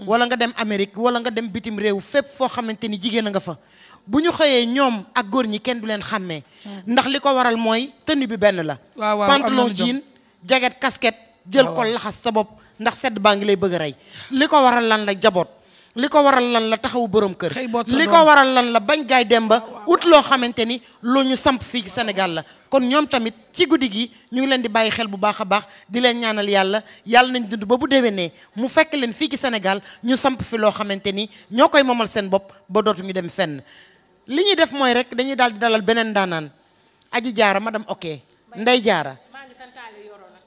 wala nga dem Amérique wala nga dem bitim réew fépp foo xamante ni jigéen a nga fa. bu ñu xëyee ñoom ak góor ñi kenn du leen xàmmee hmm. ndax li ko waral mooy tenue bi benn la pantalon jean jacket kasket jël ko laxas sa bopp ndax sedd baa ngi lay bëgg rey li ko waral lan la jaboot li ko waral lan la taxawu borom kër li ko waral lan la bañ gaay dem ba ut loo xamante ni loo ñu samp fii Sénégal la kon ñoom tamit ci guddi gi ñu ngi leen di bàyyi xel bu baax a baax di leen ñaanal yàlla yàlla nañ dund ba bu déwénee mu fekk leen fii ci Sénégal ñu samp fi loo xamante ni ñoo koy moomal seen bopp ba dootuñu dem fenn li ñuy def mooy rek dañuy daal di dalal beneen daanaan aji jaara madame ok nday jaara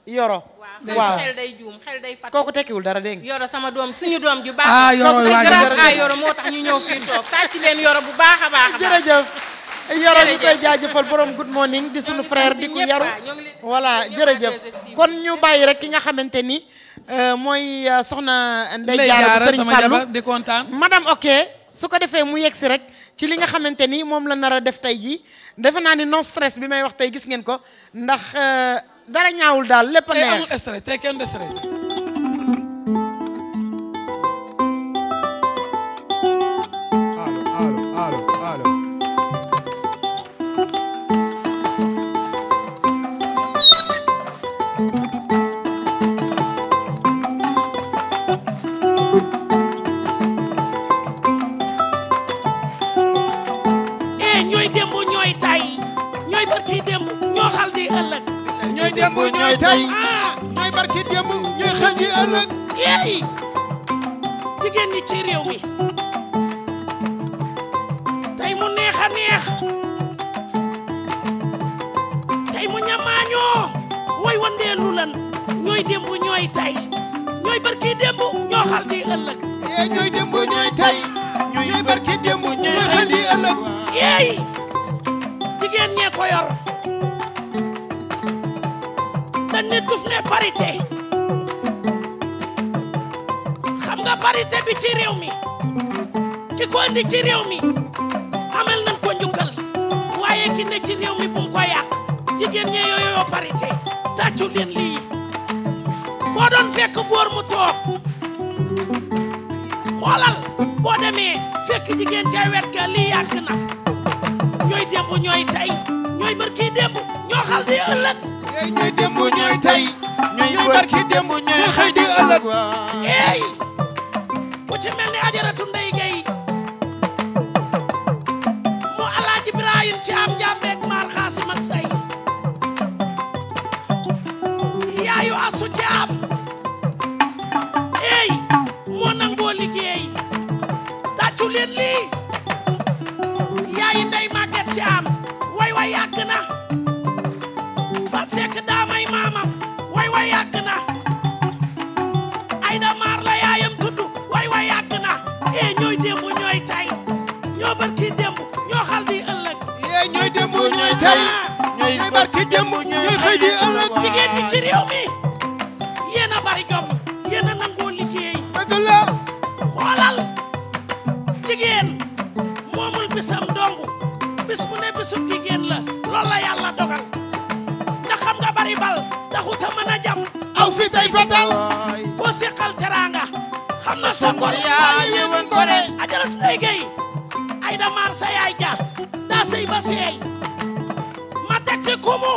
yoro waaw xel day juum xel day fàtt kooku tekkiwul dara dégg yoro sama doom suñu doom ju baax ah yoro waay grâce ñëw fii toog leen yoro bu baax baax jërëjëf yoro ñu koy jaajëfal borom good morning di suñu frère di ko yaru voilà jërëjëf kon ñu bàyyi rek ki nga xamante ni euh, mooy euh, soxna nday jaara bu sëriñ fàllu di ok su ko defee mu yegsi rek ci li nga xamante ni moom la nar a def tey jii defe naa ni non stress bi may wax tey gis ngeen ko ndax euh, dara ñaawul daal lépp a neex tey amul kenn de stress démb ñooy tey ah. ñooy ñooy xëy ñuy ëllëg yeey jigéen ñi ci réew mi mu neex a neex tey mu ñamaañoo way wandeelu lan ñooy démb ñooy tey ñooy barki démb ñooy xal di ëllëg yeey jigéen ñee ko nga nit duf ne parité xam nga parité bi ci réew mi ki ko indi ci réew mi amel nañ ko waaye ki ci réew mi bu ko yàq jigéen ñi yooyoo parité tàccu leen doon fekk góor mu toog xoolal boo demee fekk jigéen ca wet ga lii yàgg na ñooy démb ñooy tey ñooy barki démb ñoo xal di ëllëg ñooy démb ñooy tey ñooy barki ñooy xëy di ëllëg eey ku ci ni ajaratu ndey gay mu alaaji Ibrahim ci am njàmbeeg maar xaasim ak say yaayu asu ci am eey moo nangoo liggéey tàccu leen lii yaayu ndey màgget ci am way way yàgg na Pape Seck daa maamam way way yàgg na Aïda Maar la yaayam tudd way way yàgg na ee eh, ñooy démb ñooy tay ñoo barki démb ñoo xal di ëllëg ee eh, ñooy démb ñooy tay ñooy barki démb ñooy xëy di ëllëg jigéen ñi ci yéen a bari yéen a nangoo liggéey dëgg la xoolal jigéen moomul bisam dong bis bu jigéen la loolu la yàlla dogal mën a jam aw fi tay fatal ko seqal teraanga xam na sa ngor yaa yéwén gore ajarat léegi ay damar sa ja daa sëy ba seey ma teg ci kumu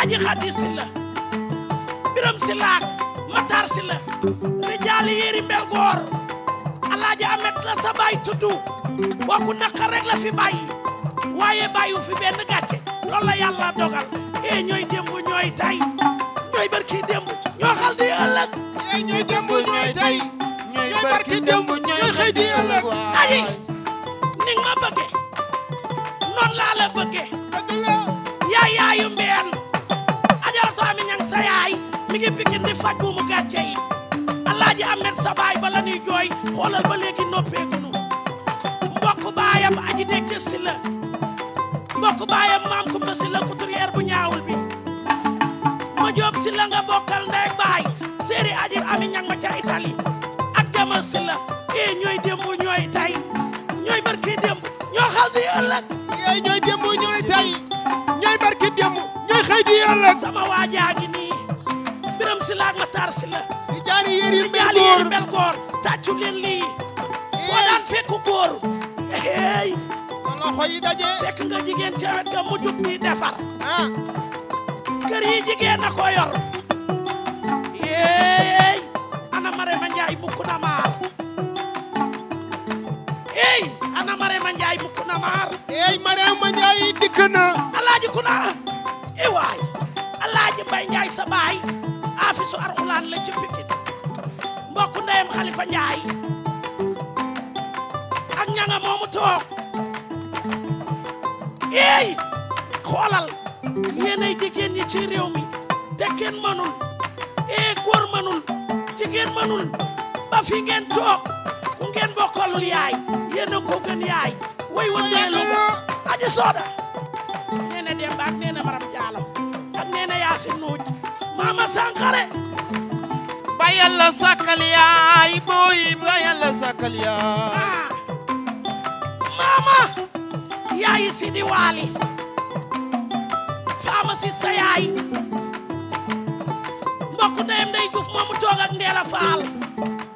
aji xadi silla biram silla ak matar silla rijaali goor alaaji amet la sa baay tuddu kooku naqar rek la fi bàyyi waaye bàyyu fi benn gàcce loolu la yàlla ñee ñooy démb ñooy tay ñooy barki démb ñoo xal di ëllëg ñee ñooy démb ñooy tay ñooy barki démb ñooy xëy di ëllëg aji ni ma bëgge noonu laa la bëgge yaay yaayu mbeen ajaratu ami ñang sa yaay mi ngi pikin di faj buumu gàcce yi amet sa baay ba xoolal ba léegi noppeegunu baayam aji dekke si la mbokk baayam maam ku ma si la couturière bu ñaawul bi ma joob si la nga bokkal ndey baay séeri ajib ami ñang ma ca Italie ak jama si la ee ñooy démb ñooy tay ñooy barki démb ñoo xal di ëllëg ee ñooy démb ñooy tay ñooy barki démb ñooy xëy di ëllëg sama waajaa ngi nii biram si la ak ma tar si la di jaari yéri mbel góor tàccu leen lii foo daan fekku góor eey loxo yi daje. nga jigéen ca ga mu di defar. Ah. kër yi jigéen na ko yor. ana Marema Ndiaye mukk na ana Marema Ndiaye mukk na maar. yeey Marema Ndiaye dikk kuna. i eh, waay. alaaji Mbay Ndiaye sa la ci Pikine. mbokku ndeyam Xalifa Ndiaye. ak toog. eey xoolal yéenay jigéen ñi ci réew mi te kenn mënul ee eh, góor mënul jigéen mënul ba fi ngeen yaay yéen a ko gën yaay way sooda nee na Demba ak Maram Jaalo ak nee na Yaasin Nuuj Mama Sankare ba yàlla sàkkal yaay booy ba yàlla yaayi Sidi Waali faama si sa yaay mbokk moomu toog ak Faal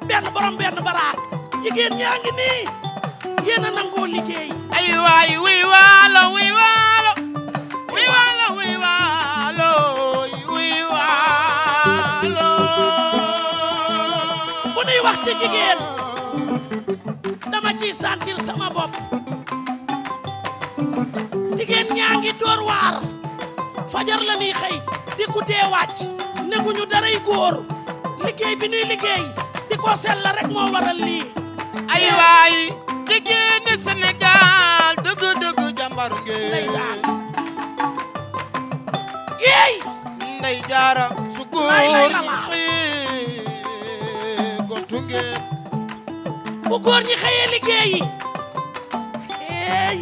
benn borom benn baraak jigéen ñaa ngi nii yéen a nangoo liggéey ay waay waalo wuy waalo wuy waalo wuy waalo bu nuy wax jigéen dama ciy sentir sama bopp jigéen ñaa ngi door waar fajar la ñuy xëy di ku dee wàcc nekkuñu daray góor liggéey bi ñuy liggéey di ko sell la moo waral lii ay waay jigéen ñi Sénégal dëgg dëgg jàmbar ngeen ndeysaan yeey ndey jaara góor ñi xëyee liggéeyi eey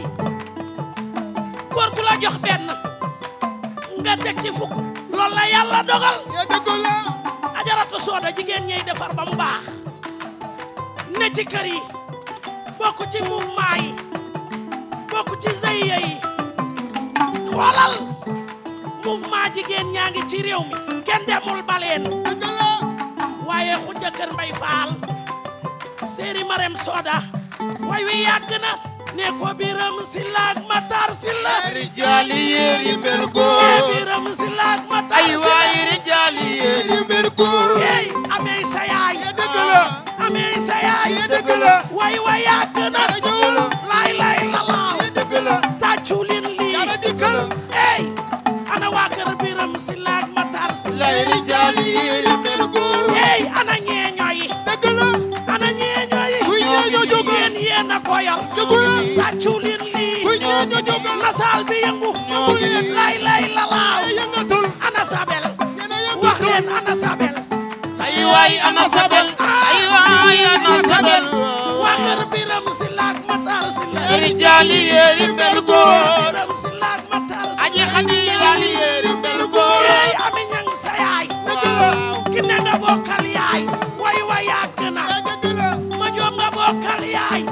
góor ku la jox benn nga teg ci fukk loolu la yàlla dogal. yaa dëggal la. sooda jigéen ñey defar ba mu baax ne ci kër yi bokk ci mouvement yi bokk ci zawiya yi xoolal mouvement jigéen ñaa ngi ci réew mi kenn demul baleen. dëggal la. mbay faal séeri marem sooda way wi yàgg ne ko biram silla ak matar silla rijaali yéeri mbel góor ne biram silla yaay ya dëgg la ah, amey yaay ya dëgg la way way yaa gën a laay laay ya dëgg la lii dara dikkal eey eh, ana waa biram silla ak matar silla ay rijaali yéeri mbel yar tàccu leen lii nasaal bi yëngu lay lay lalaaw ana sabel wax ana sabel ay waay ana sabel ah! ay waay ana sabel waa kër biram si laak matar si la eri jaali eri mbel góor si aji xadi jaali eri mbel góor sa yaay ki ne nga bokkal yaay way way yaa gëna ma joom yaay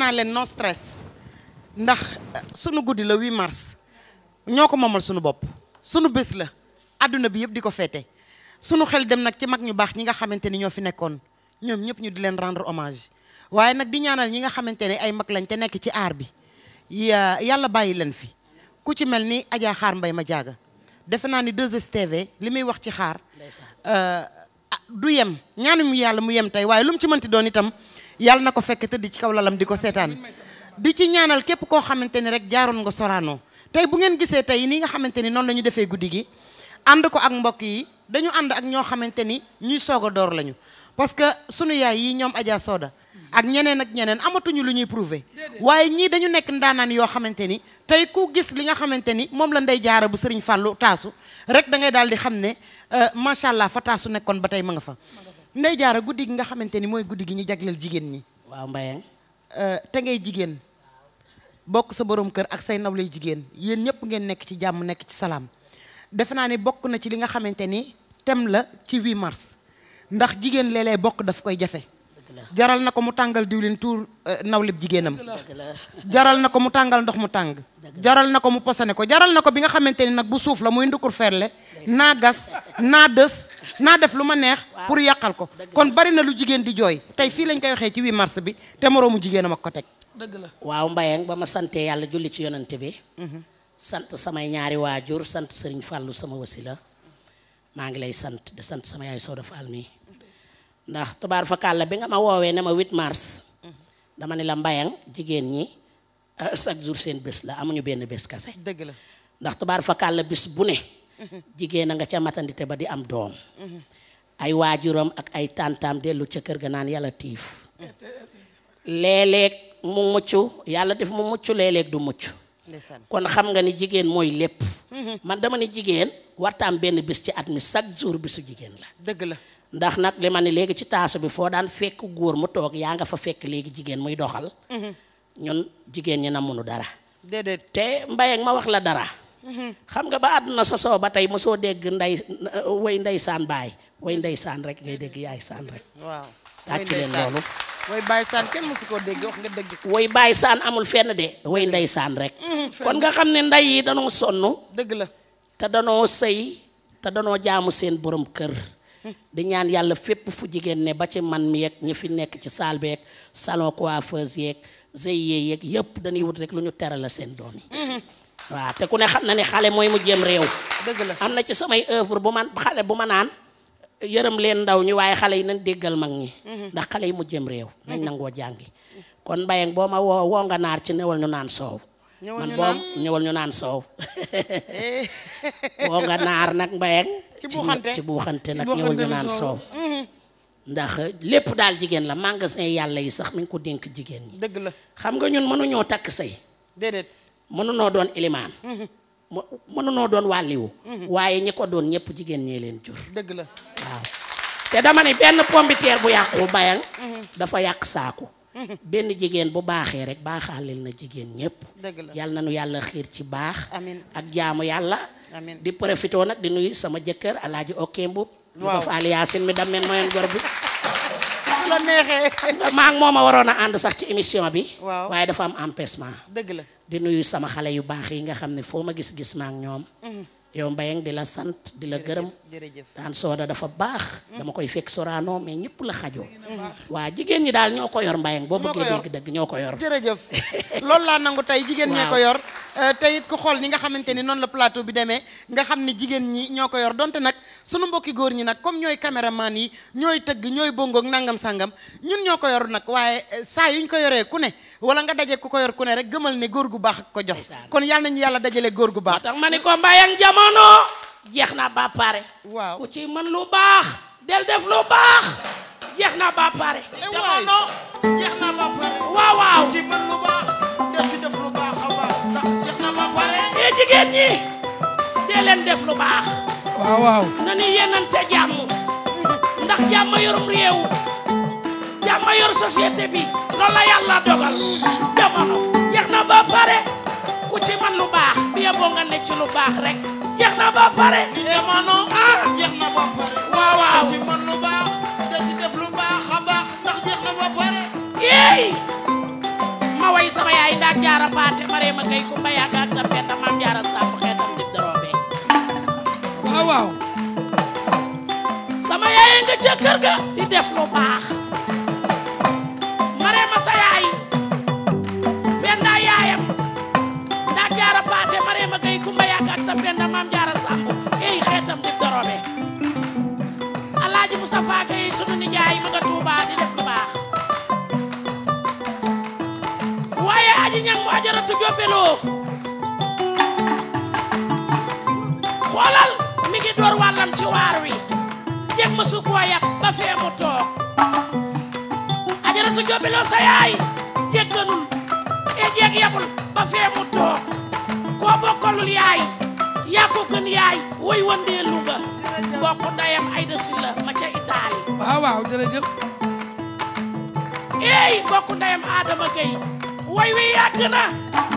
naa leen non stress ndax sunu guddi la 8 mars ñoo ko moomal sunu bopp sunu bés la adduna bi yëpp di ko féete sunu xel dem nag ci mag ñu baax ñi nga xamante ni ñoo fi nekkoon ñoom ñëpp ñu di leen rendre hommage waaye nag di ñaanal ñi nga xamante ne ay mag lañ te nekk ci aar bi yàlla bàyyi leen fi ku ci mel ni Adja Xaar Mbay ma jaaga defe naa ni 2STV li muy wax ci xaar euh, du yem ñaanu mu yàlla mu yem tey waaye lu mu ci mënti doon itam yàlla na ko fekk di ci kaw lalam di ko seetaan di ci ñaanal képp koo xamante ni rek jaaroon nga soraanoo tey bu ngeen gisee tey nii nga xamante ni noon la defee guddi gi ànd ko ak mbokk yi dañu ànd ak ñoo xamante ni ñuy soog a door lañu parce que sunu yaay yi ñoom Adja Soda ak ñeneen ak ñeneen amatuñu lu ñuy prouver waaye ñii dañu nekk ndaanaan yoo xamante ni tey ku gis li nga xamante ni moom la ndey jaara bu sëriñ fàllu taasu rek da ngay daal di xam ne euh, macha allah fa taasu nekkoon ba tey ma nga fa Ndeye Diarra guddi gi nga xamante ni mooy guddi gi ñu jagleel jigéen ñi. waaw Mbaye. Euh, te ngay jigéen bokk sa borom kër ak say nawley jigéen yéen ñëpp ngeen nekk ci jàmm nekk ci salaam defe naa ne bokk na ci li nga xamante ni thème la ci 8 mars ndax jigéen léeg bokk daf koy jafe. jaral na ko mu tàngal diwlin tuur eh, nawlib jigéenam jaral na ko mu tàngal ndox mu tàng jaral na ko mu posane ko jaral na ko bi nga xamante ni nag bu suuf la muy ndukur le naa gas naa dës naa def lu ma neex pour yàqal ko kon bari na lu jigéen di jooy tey fii lañ koy waxee ci 8 mars bi te moroomu jigéenam ak ko teg dëgg la waaw mbayang ba ma sante yàlla julli ci yonante bi mhm. sant samay ñaari waajur sant sëriñ fàllu sama wasila maa ngi lay sant de sant sama yaay Soda Fall ndax tubaar fakàlla bi nga ma woowee ne ma 8 mars dama ne la mbayang jigéen ñi ah, chaque jour seen bés la amuñu benn bés kase dëgg la ndax tubaar la bés bu ne mhm. jigéen a nga ca matandite ba di am doom mhm. ay waajuram ak ay tàntaam dellu ca kër ga naan yàlla tiif mhm. léeg-léeg mu mucc yàlla def mu mucc léeg du mucc kon xam nga ni jigéen mooy lépp man dama ne jigéen wartaam benn bés ci at mi chaque jour bisu jigéen la dëgg la ndax nag li ma ne léegi ci taasu bi foo daan fekk góor mu toog yaa nga fa fekk léegi jigéen muy doxal. Mhm. ñun jigéen ñi na namunu dara. te Mbaye ma wax la dara. Mhm. xam nga ba àdduna sosoo ba tey mosoo dégg nday way nday baay way nday rek ngay dégg yaay saan rek. waaw tàcc leen loolu. saan nga dëgg. way baay saan amul fenn de way nday rek. Mhm, kon nga xam ne nday yi danoo sonn. dëgg la te danoo sëy te danoo jaamu seen borom kër. di ñaan yàlla fépp fu jigéen ne ba ci man mi yeeg ñi fi nekk ci saal beeg salon coiffeuse yeeg GIE yeeg yëpp dañuy wut rek lu ñu teral la seen doom yi. Mm-hmm. waaw te ku ne xam na ne xale mooy mu jéem réew. dëgg la am na ci samay œuvre bu ma xale bu ma naan yërëm leen ndaw ñi waaye xale yi nañ déggal mag ñi. Mm-hmm. ndax xale yi mu jéem réew. nañ mm-hmm. nangoo jàngi. kon Mbayang boo ma woo ci newal ñu naan soow. man boom ñëwal ñu naan soow boo eh. nga naar nag mbayeg ci buuxante nag ñëwal ñu naan soow mm-hmm. ndax lépp daal jigéen la magasin yàlla yi sax mi ngi ko dénk jigéen ñi dëgg la xam nga ñun mënuñoo takk sëy déedéet mënunoo doon ilimaan mm-hmm. mënunoo doon wàlliwu mm-hmm. waaye ñi ko doon ñëpp jigéen ñee leen jur dëgg la te dama ne benn pombiteer bu yàqu bayang dafa yàq saako benn jigéen bu baaxee rek baaxaaleel na jigéen ñëpp. dëgg la yal na nu yàlla xiir ci baax. amiin ak jaamu yàlla. amiin di profité nag di nuyu sama jëkkër alaaji okke mbub. waaw fa Ali Yaasin mi dammeen mayoon gor bi. la neexee moom a waroon a ànd sax ci émission bi. waaw waaye dafa am empêchement. dëgg la di nuyu sama xale yu baax yi nga xam ne foo ma gis-gis maa ñoom. Mm-hmm. yow Mbayang di la sant di la gërëm daan sooda dafa baax dama koy fekk Sorano mais ñëpp la xajoo waa jigéen ñi daal ñoo ko yor Mbayang boo bëggee dégg dëgg ñoo ko yor jërëjëf loolu laa nangu tey jigéen ñee ko yor euh, tey it ku xool ni nga la plateau bi demee nga xam ni jigéen ñi ñoo ko yor donte nag sunu mbokki góor ñi nag comme ñooy caméraman yi ñooy tëgg ñooy bongoog nangam sàngam ñun ñoo ko yor nag waaye euh, saa yuñ ko yoree ku ne wala nga daje ku ko yor ku ne rek gëmal ne góor gu baax ko jox kon yàlla nañu yàlla dajale góor gu baax tax ma ni ko mbayang jamono jeex na ba jeex na ba pare eh, waaw ku ci mën lu baax del ci def lu baax a baax jeex na ba pare ee eh, jigéen ñi dee leen def lu baax waaw waaw na ni yéenante jàmm ndax jàmm yorum réew yaa ma yor bi loolu la a dogal jamono jeex na ba pare ku ci man lu baax bi yeboo nga ne ci lu baax rek jeex na ba pare jamono ah jeex na ba pare waaw waaw ci man lu baax da ci def lu baax a baax ndax jeex na ba pare yeey ma way sama yaay ndaak jaara paate mare ma kay kumba yaa gaak sa penda maam jaara sàmm xeetam dib daroobe waaw waaw sama yaay nga ca ga di def lu baax Mbàkke yi sunu nijaay ma nga Tuubaa di def lu baax waaye aji ñang mu ajaratu jobbeloo xoolal mi ngi door wàllam ci waar wi jeg ma su koo yab ba fee mu toog ajaratu jobbeloo sa yaay jeg ganul e jeg yabul ba fee mu toog koo bokkalul yaay yaa ko gën yaay woy wandeelu nga mbokk ndeyam Aïda Sylla ma ca Italie waaw waaw jërëjëf eey mbokk ndeyam Adama Gueye way wi yàgg na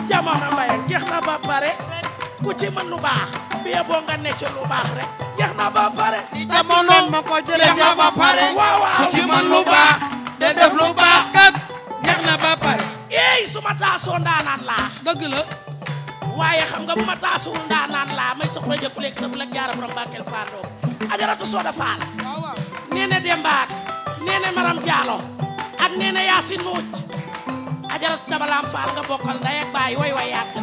jamono mbaye jeex na ba pare ku mën lu baax bi boo nga ne lu baax rek jeex na ba pare jamono ma ko jërëjëf ba pare waaw waaw ku mën lu baax de lu baax kat jeex na ba pare eey suma taasoo ndaanaan laa dëgg la waaye xanga nga bu ma taasul ndaanaan laa may soxla jëkkuleeg sa la jaara borom Bakel Fado ajaratu Soda Faala nee na Demba nee na Maram Diallo ak nee na Yacine ajaratu Dabalaam Faal nga bokkal ndey ak way way yàgg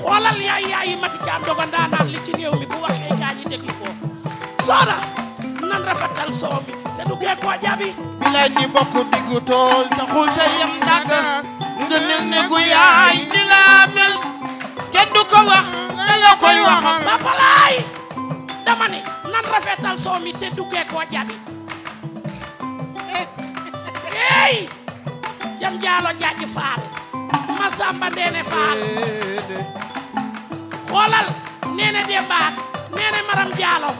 xoolal yaay mati jaam doga ndaanaan li ci réew mi bu waxee gaa ñi déglu ko Soda nan rafetal soo te du gee koo jabi bilaay ni bokk te yem dagg nga ne ne gu yaay kenn du wax da la koy wax Papa Laay dama ne nan rafetal soo te duggee koo jabi jam jaalo jaaji faal ma samba deene faal xoolal neene neene maram jaalo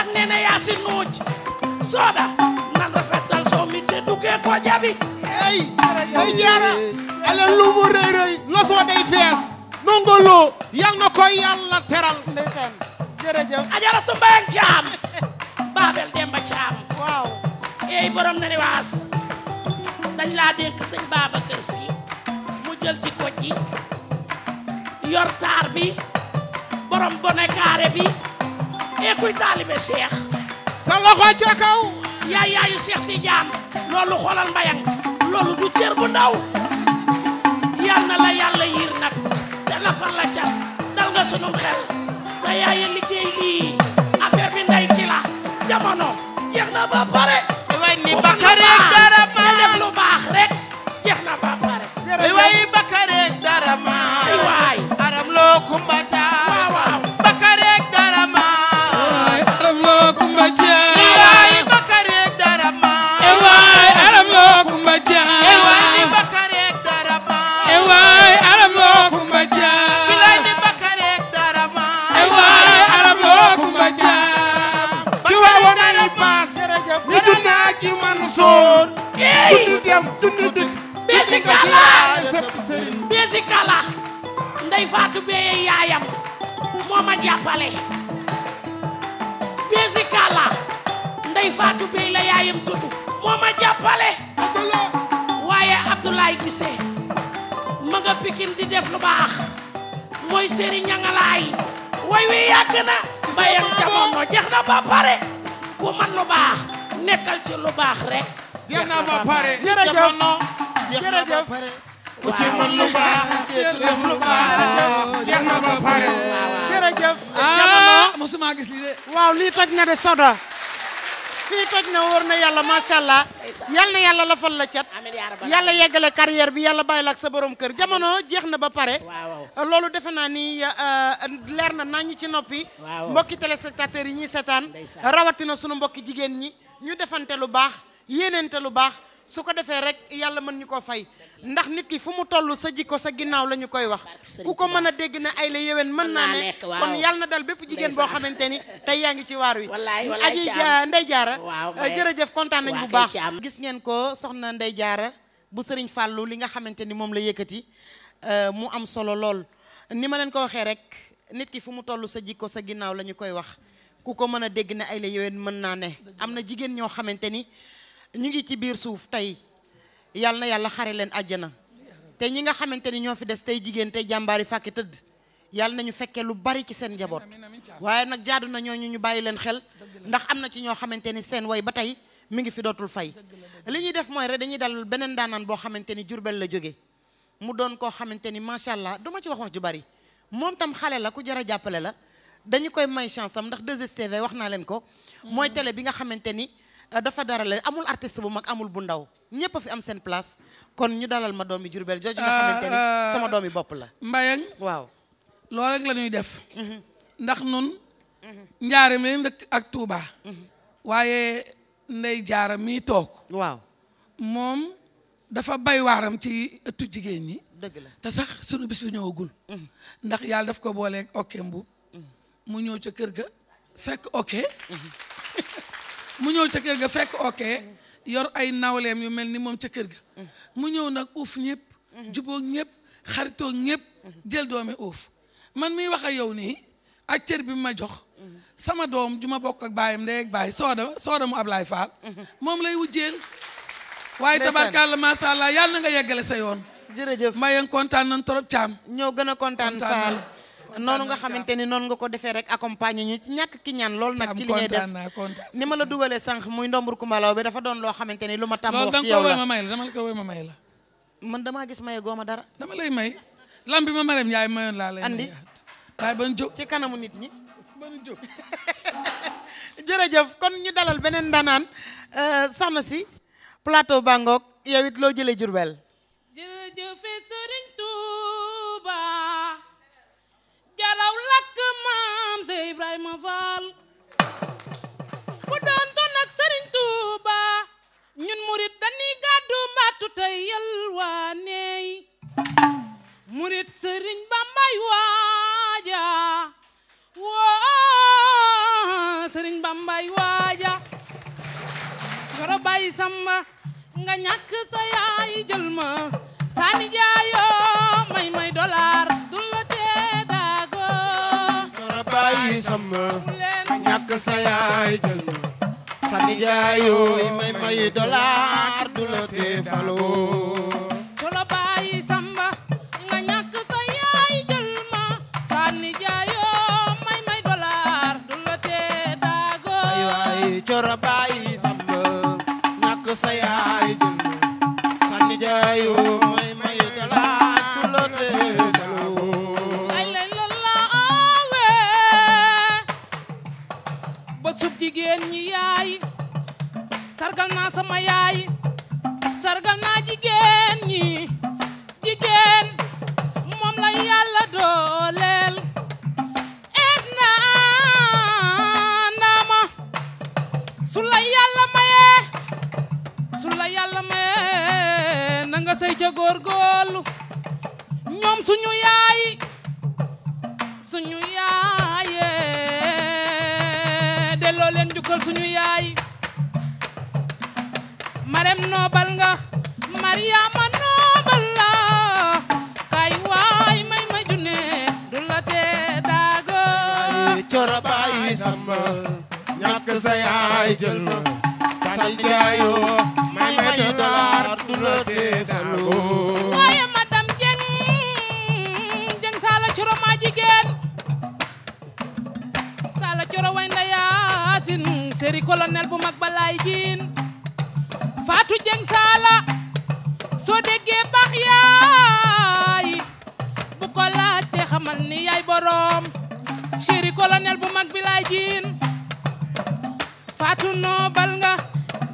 ak neene yaasin nuuj sooda nan rafetal soo te duggee koo jabi ey jaara ala lu mu rëy rëy losoo day Ndongo Lo yal na ko yàlla teral. ndeysaan jërëjëf. Caam. Babel Demba Caam. waaw. ey borom ne waas dañ laa dénk sëñ Babacar mu jël ci ko yor taar bi borom bone carré bi e kuy taalibe Cheikh. sa loxo ca kaw. yaay yaayu Cheikh Tidiane loolu xoolal Mbayang loolu du cër bu ndaw yal na la yàlla yiir nag. la far la cat sunum xel sa yaaye liggéey bi affaire bi nday ci la jamono na ba pare way ni bakari dara ma def lu baax rek jeex ak sunu dëkk. bisikala bisikala Ndeye Fatou Beye yaayam moo ma jàppale. bisikala Ndeye Fatou Beye la yaayam tudd moo ma jàppale. waaye Abdoulaye Guissé ma nga Pikine di def lu baax mooy Serigne way wi yàgg na mbayam jamono jeex na ba pare ku man lu baax nekkal ci lu baax rek. jeex a ba pare jërëjëf jërëjëf ku ci mën lu baax def jeex na ba pare jërëjëf ah, jamono mosuma gis lii de waaw lii toj na de soda fii toj na wóor na yàlla macha allah yal na yàlla lafal la cat yàlla yeggale carrière bi yàlla bàyyi ak sa boroom kër jamono jeex na ba pare uh, loolu defe naa ni uh, uh, leer na nañ ci noppi mbokki téléspectateurs yi ñuy seetaan rawatina sunu mbokki jigéen ñi ñu defante lu baax yéeneente lu baax su ko defee rek yàlla mën ñu koo fay ndax nit ki fu mu toll sa jikko sa ginnaaw la ñu koy wax ku ko mën a dégg ne ay la yéwén mën naa ne kon yàlla na dal bépp jigéen boo xamante ni tey yaa ngi ci waar wi aji Ndey Jaara euh, jërëjëf kontaan bu baax gis ngeen ko soxna Ndey Jaara bu sëriñ Fàllu li nga xamante ni moom la yëkkati euh, mu am solo lool ni ma leen ko waxee rek nit ki fu mu toll sa jikko sa ginnaaw la ñu koy wax ku ko mën a dégg ne ay la yéwén mën naa ne am na jigéen ñoo xamante ni ñu ngi ci biir suuf tey yàlla na yàlla xare leen àjjana te ñi nga xamante ni ñoo fi des tey jigéen tey jàmbaari fàkki tëdd yàlla ñu fekkee lu bari ci seen njaboot waaye nag jaadu na ñooñu ñu bàyyi leen xel ndax am na ci ñoo xamante ni seen way ba tey mu ngi fi dootul fay li ñuy def mooy rek dañuy dalal beneen daanaan boo xamante ni Jurbel la jóge mu doon koo xamante ni macha allah duma ci wax wax ju bari moom tam xale la ku jar a jàppale la dañu koy may chance ndax 2STV wax naa leen ko bi nga xamante ni Euh, dafa dara leen amul artiste bu mag amul bu ndaw ñëpp a fi am seen place kon ñu dalal ma doom Jurbel jooju nga euh, xamante ni euh, sama bopp la mbayang waaw loolu rek la def mhm. ndax nun mhm. njaare mi ndëkk ak Touba mhm. waaye jaara mii toog waaw moom dafa bay waaram ci ëttu jigéen ñi dëgg la te sax sunu bis bi ñëwagul ndax yàlla daf ko booleeg okem bu mu ñëw ca kër ga fekk ok mu ñëw ca kër ga fekk ok yor ay nawleem yu mel ni moom ca kër ga mu ñëw nag uuf ñëpp jubóog ñëpp xaritoog ñëpp jël doomi uuf man miy wax a yow nii ak cër bi mu ma jox sama doom ju ma bokk ak baayam ndey ak baay sooda sooda mu Ablaay Faal moom lay wujjeel waaye tabarkàlla macha allah yàlla na nga yeggale sa yoon jërëjëf Mbayang kontaan nañ trop Thiam ñoo gën a kontaan Faal noonu nga xamante ni noonu nga ko defee rek accompagner ñu ci ñàkk ki ñaan lool nag ci li ngay def ni ma la dugalee sànq muy ndombur kumbalaw bi dafa doon loo xamante ni lu ma tàmm wax ci yow la ma may la man damaa gis maye gooma dara dama lay may lam bi ma marem yaay mayoon laa andi waaye ban jóg ci kanamu nit ñi ban jóg jërëjëf kon ñu dalal beneen danaan euh, soxna si plateau bangoog yow it loo jëlee Jurbel jërëjëf Ibrahima Fall bu doon doon ak Sëriñ Tuuba ñun murit dañuy gàddu mbàttu tey yalwaaneey murit Sëriñ Bambay waaja woo Sëriñ Bambay waaja goro samba nga ñàkk sa yaay ma saani jaayoo may may dollar du mooy sama ñàkk sa yaay jël sa nijaay yooyu may may dollar du la te faloo reem noobal nga Mariama noobal la kay waay may ma junne du la te daago coro baay samba ñàkk sa yaay jël ma sa ni jaayo may ma ju daar du la te daago waaye madam jeng jeng saala coro maa jigéen saala coro way nda yaasin séri colonel bu mag balaay jiin Fatou Dieng Sala soo déggee baax yaay bu ko laajte xamal ni yaay borom chéri colonel bu mag bi laay jiin Fatou noobal nga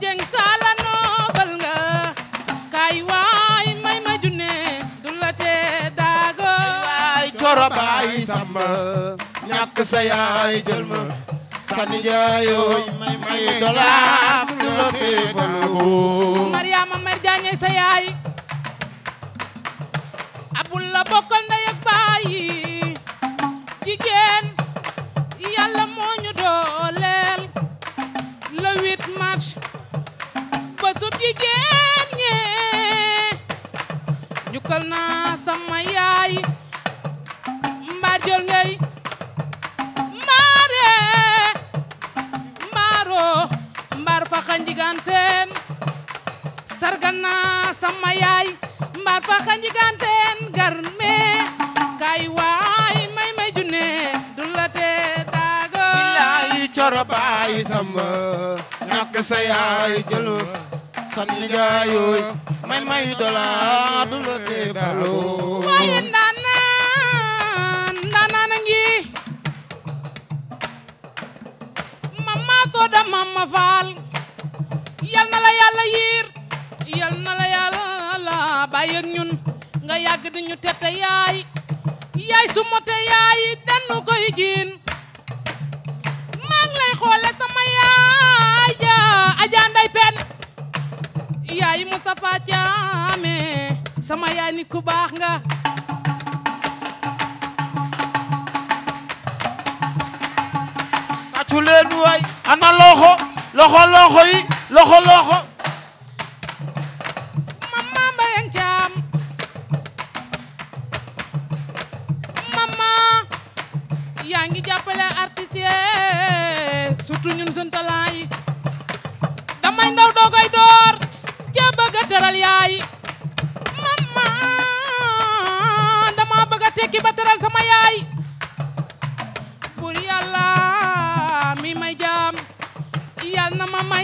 Dieng Sala noobal nga kaay waay may ma junne du la tee daago waay coro baay samba ñàkk sa yaay jël sa nijaayooy may may dollar Mariama Mar Jaañ yaay abul la bokkal ndey ak jigéen yàlla moo ñu dooleel le 8 mars ba jigéen ñe njukkal naa sama yaay mbaar jol ngay maare maaro fa xanjigaan seen sargan sama yaay mbaa fa xanjigaan seen garme kaay waay may may junne dullate daago billaay coro baay sama nak sa yaay jëlu san nijaayooy may may dolaa dullate faloo waaye ndaanaan ndaanaan a ngi mamma sooda mamma faal na la yàlla yiir yal na la yàlla bàyyi ak ñun nga yàgg di ñu tette yaay yaay su yaay danu koy giin lay xoole sama yaay ja pen yaay Moustapha Thiamé sama yaay nit ku baax nga tàccu leen waay ana loxo loxo loxo loxo loxo mama mbayan caam mama yaa ngi jàppale artiste yi surtout ñun sun talent yi damay doogoy door ca bëgga teral yaay mama dama bëgga tekki ba sama yaay buur yàlla mi may jaam yàlla na ma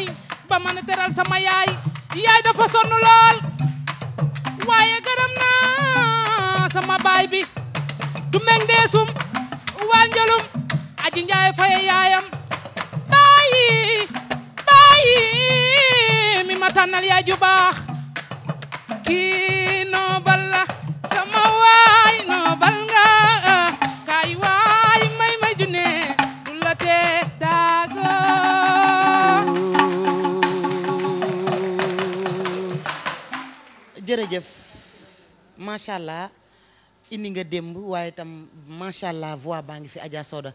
ba man teral sama yaay yaay dafa sonn lool waaye gërëm naa sama baay bi du meñ deesum wal njëlum aji njaay faye yaayam baayi baayi mi ma tànnal yaay ju baax kii noo bal sama waay noo bal nga kaay waay may may ju nee jërëjëf macha allah indi nga démb waaye itam macha allah voix baa ngi fi Adja Soda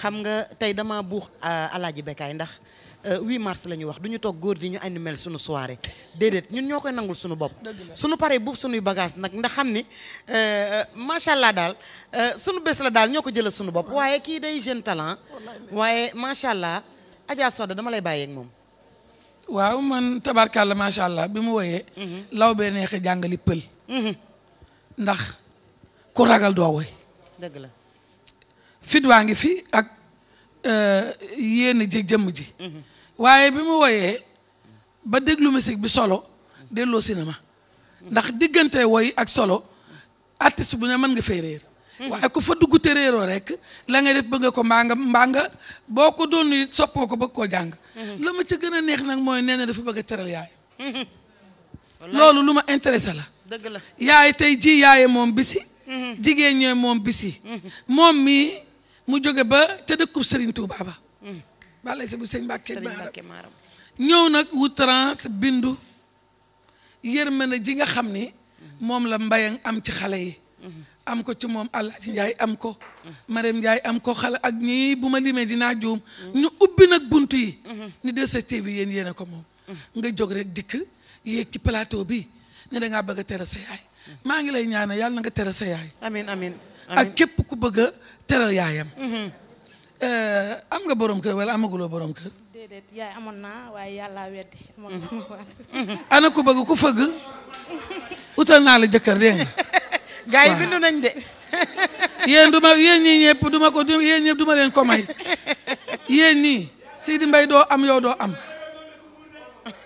xam nga tey dama buux euh, alaaji Bekaay ndax 8 euh, mars la ñu wax du ñu toog góor di ñu animel suñu soirée déedéet ñun ñoo koy nangul suñu bopp suñu paree buub suñuy bagage nag ndax xam ni euh, macha allah daal sunu bés la daal ñoo ko jëlal suñu bopp waaye kii day jeune talent waaye macha allah Adja Soda dama lay bàyyeek moom waaw man tabarkàlla macha allah bi mu wooyee. Mhm. law bee neexee jàngali pël. Mhm. ndax ku ragal doo woy. dëgg la waa ngi fi ak euh, yéen ji jëmm ji. Mhm. waaye bi mu wooyee ba déglu musique bi solo na ma ndax diggante woy ak solo artiste bu ne mën nga fay réer. waaye ku fa dugg te rek langa nga def bëgg ko mbaa nga mbaa nga boo ko doon soppoo ko bëgg koo jàng. Mm-hmm. la ma ca gën a neex nag mooy nee na dafa bëgg a teral yaay mm-hmm. loolu lu ma intéressé la dëgg la yaay tey ji yaaye moom bisi mm-hmm. jigéen ñooy moom bisi moom mii mu jóge ba te dëkkub Serigne Touba ba balay sa bu sëñ Mbàkke Maaram ñëw nag wutrance bindu yërmande ji nga xam ni moom la mbayang am ci xale yi am ko ci moom Alaaji Njaay am ko Marème Njaay am ko xala ak ñii bu ma limee dinaa juum mm-hmm. ñu ubbi nag bunt yi mm-hmm. ni 2STV yéen yéen a ko moom mm-hmm. nga jog rek dikk yéeg plateau bi ne dangaa bëgg a tere sa yaay maa ngi lay ñaanal yàlla na nga tere sa yaay amiin amiin ak képp ku bëgg a teral eh, nga borom kër wala amaguloo borom kër amoon naa waaye yàlla weddi amoon naa ana ku bëgg ku fëgg utal naa la jëkkër nga gaa yi bindu nañ de. yéen du ma yéen ñii ñëpp du ma ko yéen leen ko may yéen ñii Sidi Mbaye doo am yow doo am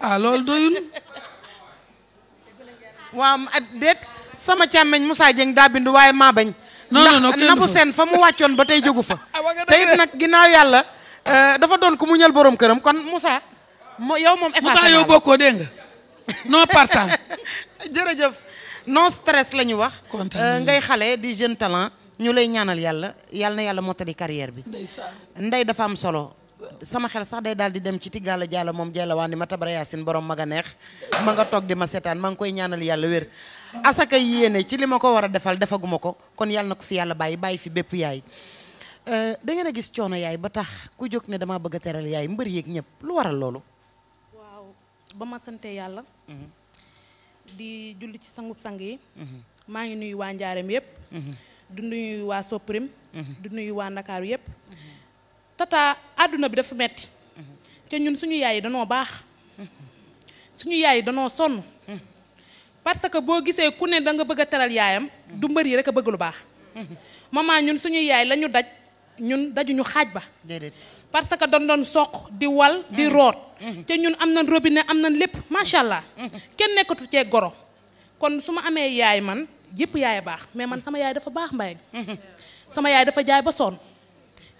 ah loolu doyul. waaw at déet sama càmmeñ Moussa Dieng daa bindu waaye maa bañ. non non ndax nabu seen fa mu wàccoon ba tey jógu fa. Ah, te it nag ginnaaw yàlla euh, dafa doon ku mu ñal borom këram kon Moussa. yow moom effacé Moussa yow bokkoo dégg nga non partant. jërëjëf. non stress la ñu wax. Euh, ngay xale di jeune talent ñu lay ñaanal yàlla yàlla na yàlla mottali carrière bi. ndey dafa am solo. sama xel sax day daal di dem ci Tigala Diallo moom Diallo waan di ma tabara yaasin borom ma nga neex ma nga toog di ma seetaan ma ngi koy ñaanal yàlla wér. asaka yéene ci li ma ko war a defal defaguma ko kon yàlla na ko fi yàlla bàyyi bàyyi fi bépp yaay. Euh, da ngeen a gis coono yaay ba tax ku jóg ne damaa bëgg a teral yaay mbër yeeg ñëpp lu waral loolu. di julli ci sangub sang yi mhm. maa ngi nuyu waa njaareem yëpp mhm. du nuyu waa Soprim mhm. du nuyu waa ndakaaru yëpp tata àdduna bi dafa metti te ñun suñu yaay yi danoo baax suñu yaay yi danoo sonn parce que boo gisee ku ne danga bëgg a teral yaayam du mbër yi rek a bëgg lu baax maman ñun suñu yaay lañu daj ñun dajuñu xaaj ba parce que dañ doon soq di wal di mm-hmm. root mm-hmm. te ñun am na robine am na lépp macha allah mm-hmm. kenn nekkatu cee goro kon su ma amee yaay man yëpp yaay baax mais man sama yaay dafa baax mbay sama yaay dafa jaay ba sonn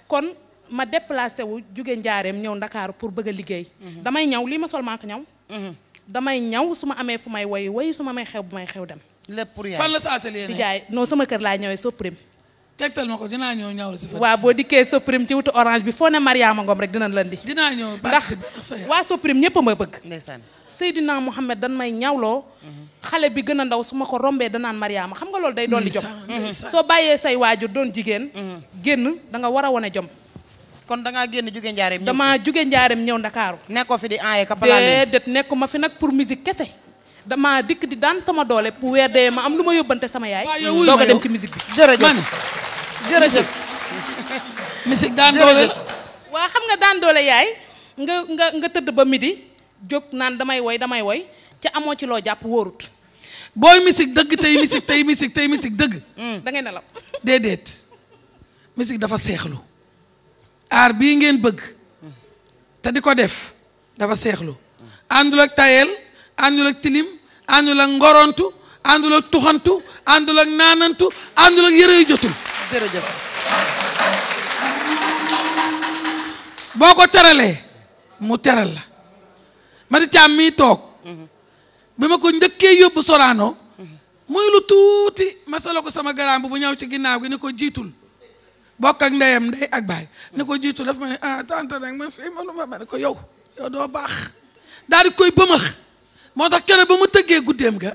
kon ma déplacé wu jóge njaareem ñëw ndakaaru pour bëgg a liggéey damay ñaw lii ma sol maa ko ñaw damay ñaw su ma amee fu may woy woy su ma may xew bu may xew dem lépp pour yaay fan sa atelier jaay non sama kër laa ñëwee soo tegtal ma ko dinaa ñëw ñaw si. waaw boo dikkee Soprim ci wutu orange bi foo ne Mariama Ngom rek dinañ la ndi. dinaa ñëw ndax waa Soprim ñëpp a ma bëgg. ndeysaan Seydina Mohamed dana may ñawloo. xale bi gën ndaw su ma ko rombee danaan Mariama xam nga loolu day dolli jom. soo bàyyee say waajur doon jigéen. génn da nga war a wane jom. kon dangaa génn jóge njaareem. damaa jóge njaareem ñëw ndakaaru. nekkoo fi di aayee ka palaale déedéet nekkuma fi nag pour musique kese. dama dikk di daan sama doole bu weer dee ma am lu ma yóbbante sama yaay. doog a dem ci musique bi. jërëjëf man jërëjëf. waa xam nga daan doole yaay nga nga nga tëdd ba midi jóg naan damay woy damay woy ca amoo ci loo jàpp wóorut. booy musique dëgg tey musique tey musique tey musique dëgg. Hmm, da ngay nelaw. déedéet musique dafa seexlu. aar bii ngeen bëgg. te di ko def dafa seexlu. àndul ak tayel. àndul tilim àndul ngorontu àndul ak tuxantu àndul ak naanantu àndul ak jërëjëf boo ko teralee mu teral la ma di caam mii toog mhm. bi ma ko njëkkee yóbbu Sorano muy lu tuuti ma ko sama garaam bu bu ñëw ci ginnaaw gi ni ko jiitul bokk ak ndeyam ndey ak baay ni ko jiitul daf ma ni ah tante nag ma fii mënuma ma ne ko yow yow doo baax daal di koy bëmax moo tax keroog ba mu tëggee guddeem ga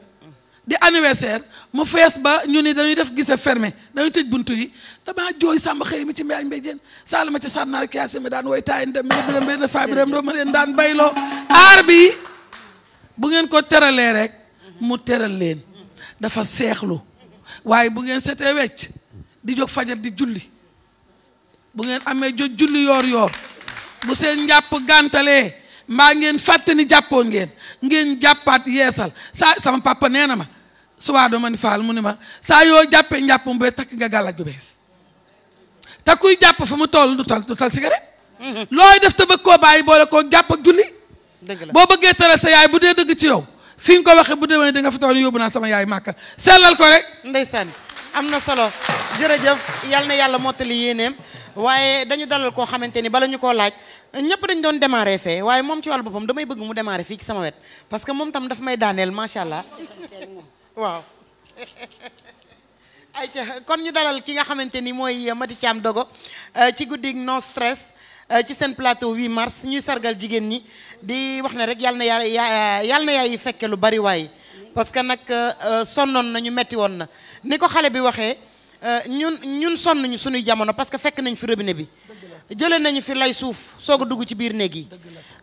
di anniversaire mu fees ba ñu ni dañuy def gise ferme dañuy tëj bunt yi damaa jooy sàmba xëy mi ci mbéy mbéy jeen saala ma ci sànnaar ki mi daan woy taayin dem mi biram benn faa biram doo ma leen daan bayloo aar bi bu ngeen ko teralee rek mu teral leen dafa seexlu waaye bu ngeen setee wecc di jóg fajar di julli bu ngeen amee jot julli yoor yoor mu seen njàpp gàntalee mbaa ngeen fàtte ni jàppoon ngeen ngeen jàppaat yeesal saa sama papa nee na ma subaa doo ma ni faal mu ni ma saa yoo jàppee njàppam bees takk nga gàllaaj bu bees te kuy jàpp fa mu toll du tal du tal sigaret mhm. looy def te bëgg koo bàyyi boole koo jàpp ak julli boo bëggee tere sa yaay bu dee dëgg ci yow fi nga ko waxee bu demee di nga fa toll yóbbu naa sama yaay màkka sellal ko rek ndeysaan am na solo jërëjëf yal na yàlla mottali yéeneem waaye dañu dalal koo xamante ni bala ñu koo laaj ñëpp dañ doon démarrer fee waaye moom ci wàllu boppam damay bëgg mu démarrer ci sama wet parce que moom tam daf may daaneel macha allah waaw kon ñu dalal ki nga xamante ni mooy Mati Thiam Dogo euh, ci guddi non stress euh, ci seen plateau 8 mars ñuy sargal jigéen ñi di wax na rek yàlla na yaa yàlla na yaay fekke lu bari waay parce que nag euh, sonnoon nañu metti woon na ni ko xale bi waxee Euh, ñun ñun sonn ñu suñuy jamono parce que fekk nañ fi robinet bi jëlee nañu fi lay suuf soog a dugg ci biir néeg yi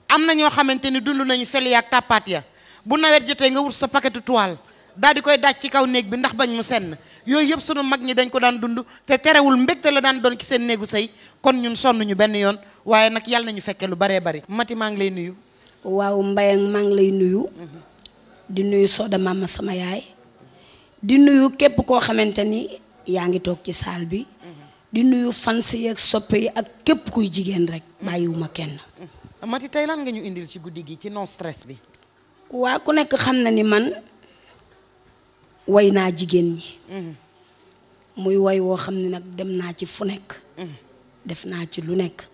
am na ñoo xamante ni dund nañu fel yaag tàppaat ya bu nawet jotee nga wut sa paquetu toile daal di koy daaj ci kaw néeg bi ndax bañ mu senn yooyu yëpp sunu mag ñi dañ ko daan dund te terewul mbégte la daan doon ci seen néegu sëy kon ñun sonn ñu benn yoon waaye nag yàlla nañu fekkee lu baree bari mati maa ngi lay nuyu waaw Mbaye maa ngi lay nuyu mhm. di nuyu Soda Mama sama yaay yaa ngi toog ci saal bi di nuyu fans yi ak soppe yi ak képp kuy jigéen rek bàyyiwuma kenn Mati tey lan nga ñu indil ci guddi gi ci non stress bi waa ku nekk xam na ni man way naa jigéen ñi mm-hmm. muy way woo xam ne nag dem naa ci fu nekk mm-hmm. def naa ci lu nekk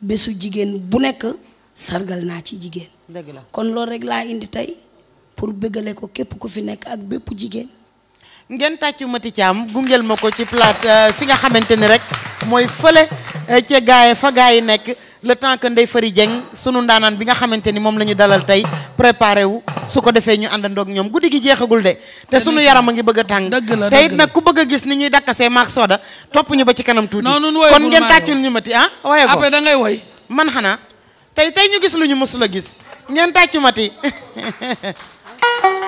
bésu jigéen bu nekk sargal naa ci jigéen dëgg la kon loolu rek laa indi tey pour bëggale ko képp ku fi nekk ak bépp jigéen ngeen tàccu Mati Thiam gungeel ma ko ci plate euh, fi nga xamante ni rek mooy fële euh, ca gaay fa gaay yi nekk le temps que Ndeye Fary Dieng sunu ndaanaan bi nga xamante ni moom la ñu dalal tey préparé wu su ko defee ñu àndandoog ñoom guddi gi jeexagul de te sunu yaram a ngi bëgg a tàng te it nag ku bëgg a gis ni ñuy dakkasee maak sooda topp ñu ba ci kanam tuuti kon ngeen tàccul ñu mati ah waaye ko da ngay woy man xanaa tey tey ñu gis lu ñu mësul a gis ngeen tàccu mati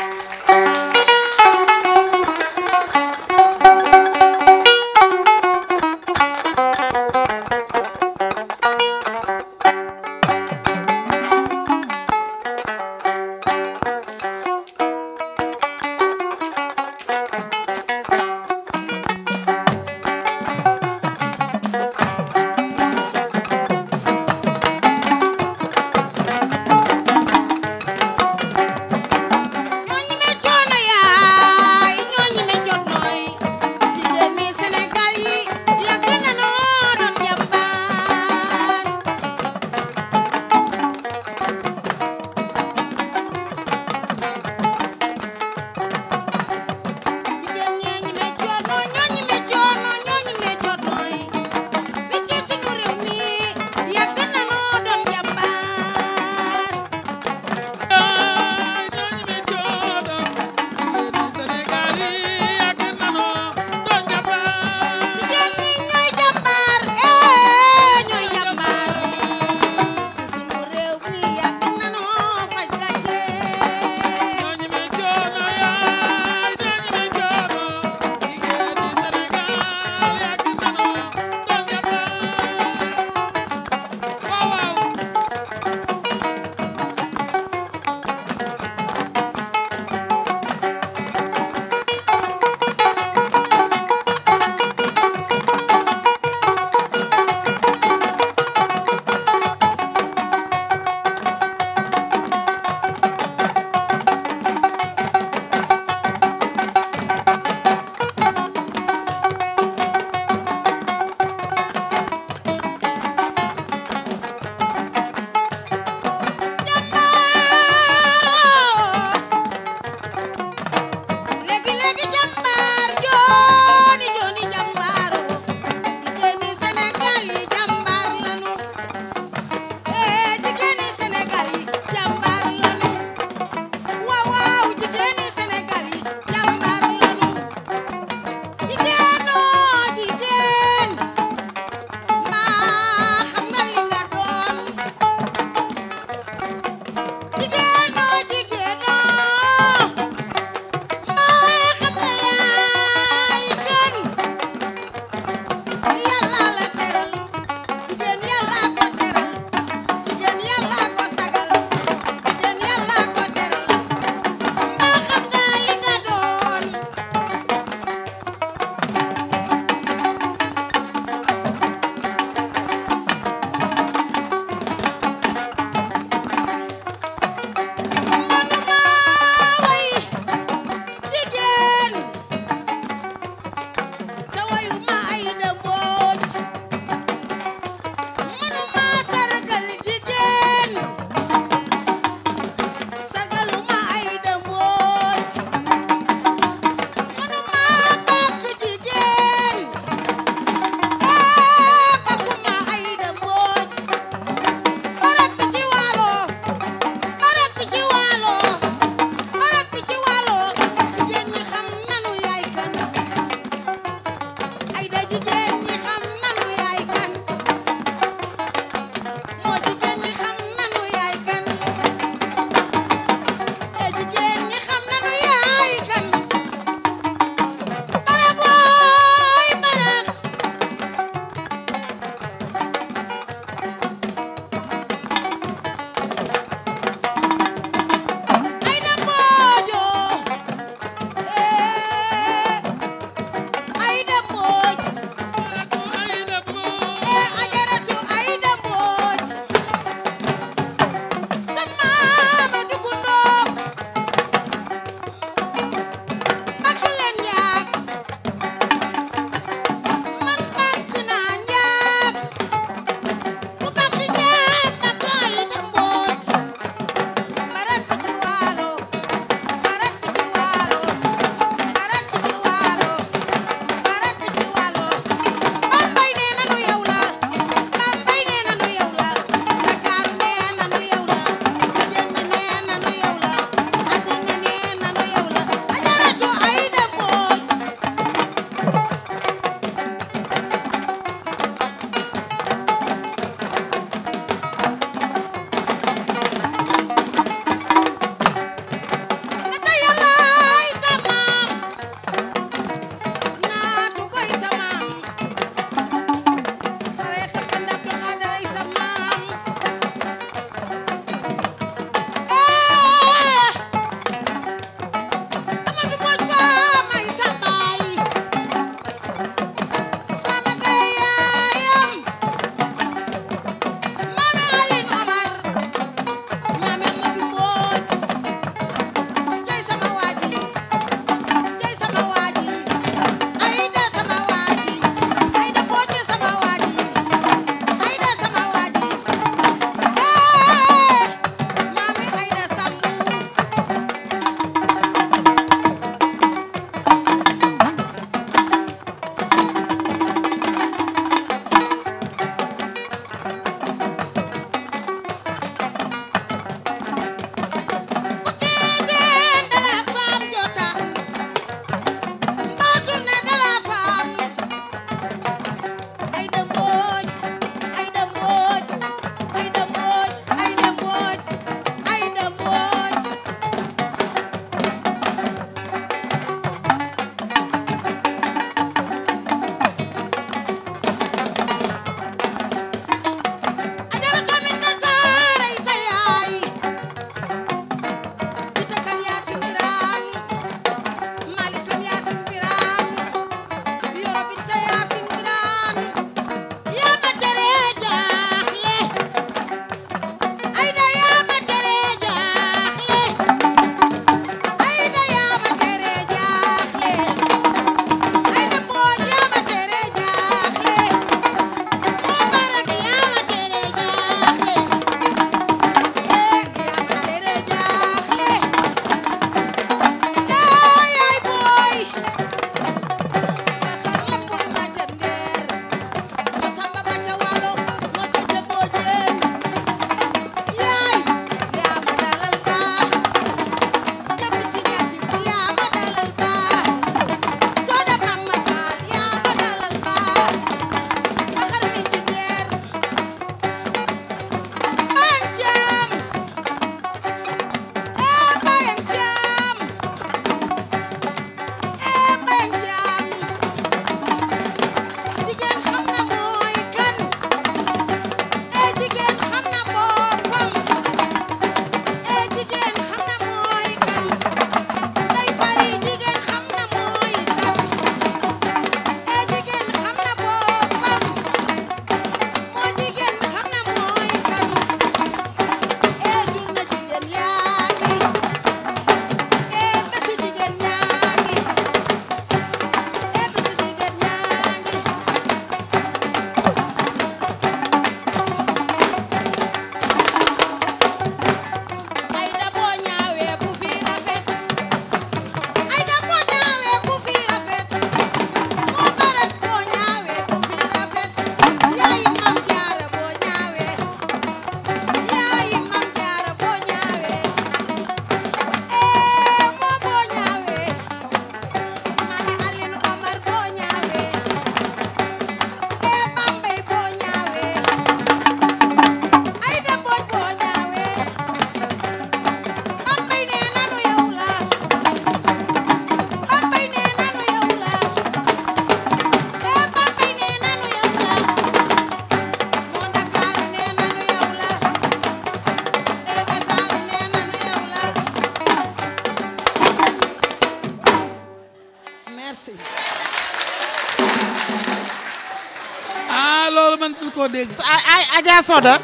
Adja Soda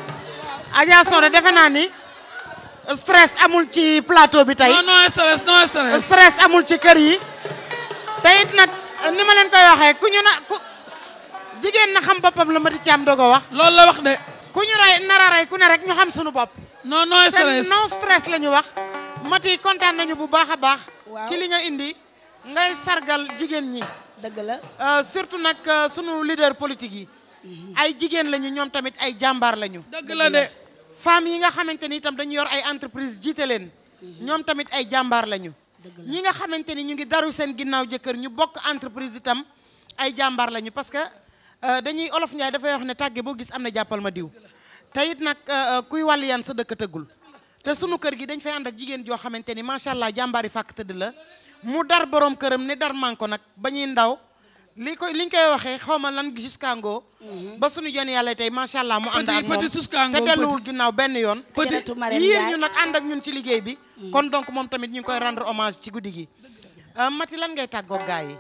Adja defe naa ni stress amul ci plateau bi tey. non non stress amul ci kër yi te it nag ni ma leen koy waxee ku ñu na ku jigéen na xam boppam la Mati Thiam doog a wax. loolu la wax de. ku ñu rey nar ku ne rek ñu xam suñu bopp. non non stress non la ñu wax. Mati kontaan nañu bu baax a baax. ci li nga indi ngay sargal jigéen ñi. dëgg la euh, surtout nag euh, sunu leader politique yi. Mm-hmm. ay jigéen lañu ñoom tamit ay jàmbaar lañu. dagg la de. femmes yi nga xamante ni itam dañu yor ay entreprise jiite leen. Mm-hmm. ñoom tamit ay jàmbaar lañu. ñi nga xamante ni ñu ngi daru seen ginnaaw jëkkër ñu bokk entreprise itam ay jàmbaar lañu parce que euh, dañuy olof Njaay dafay wax ne tàgge boo gis am na jàppal ma diw. te it nag euh, euh, kuy wàllu sa dëkkatagul tëggul te sunu kër gi dañ fay ànd ak jigéen joo xamante ni macha allah jàmbaari fàkk tëdd la mu dar borom këram ne dar man nag ba ñuy ndaw. li koy li ñu koy waxee xaw ma lan suskango mhm. ba suñu yoon yàlla tey macha allah mu ànd ak moom te delluwul ginnaaw benn yoon yiir ñu nag ànd ak ñun ci liggéey bi mhm. kon donc moom tamit ñu ngi koy rendre hommage ci guddi gi euh, Mati lan ngay tàggoo gaa yi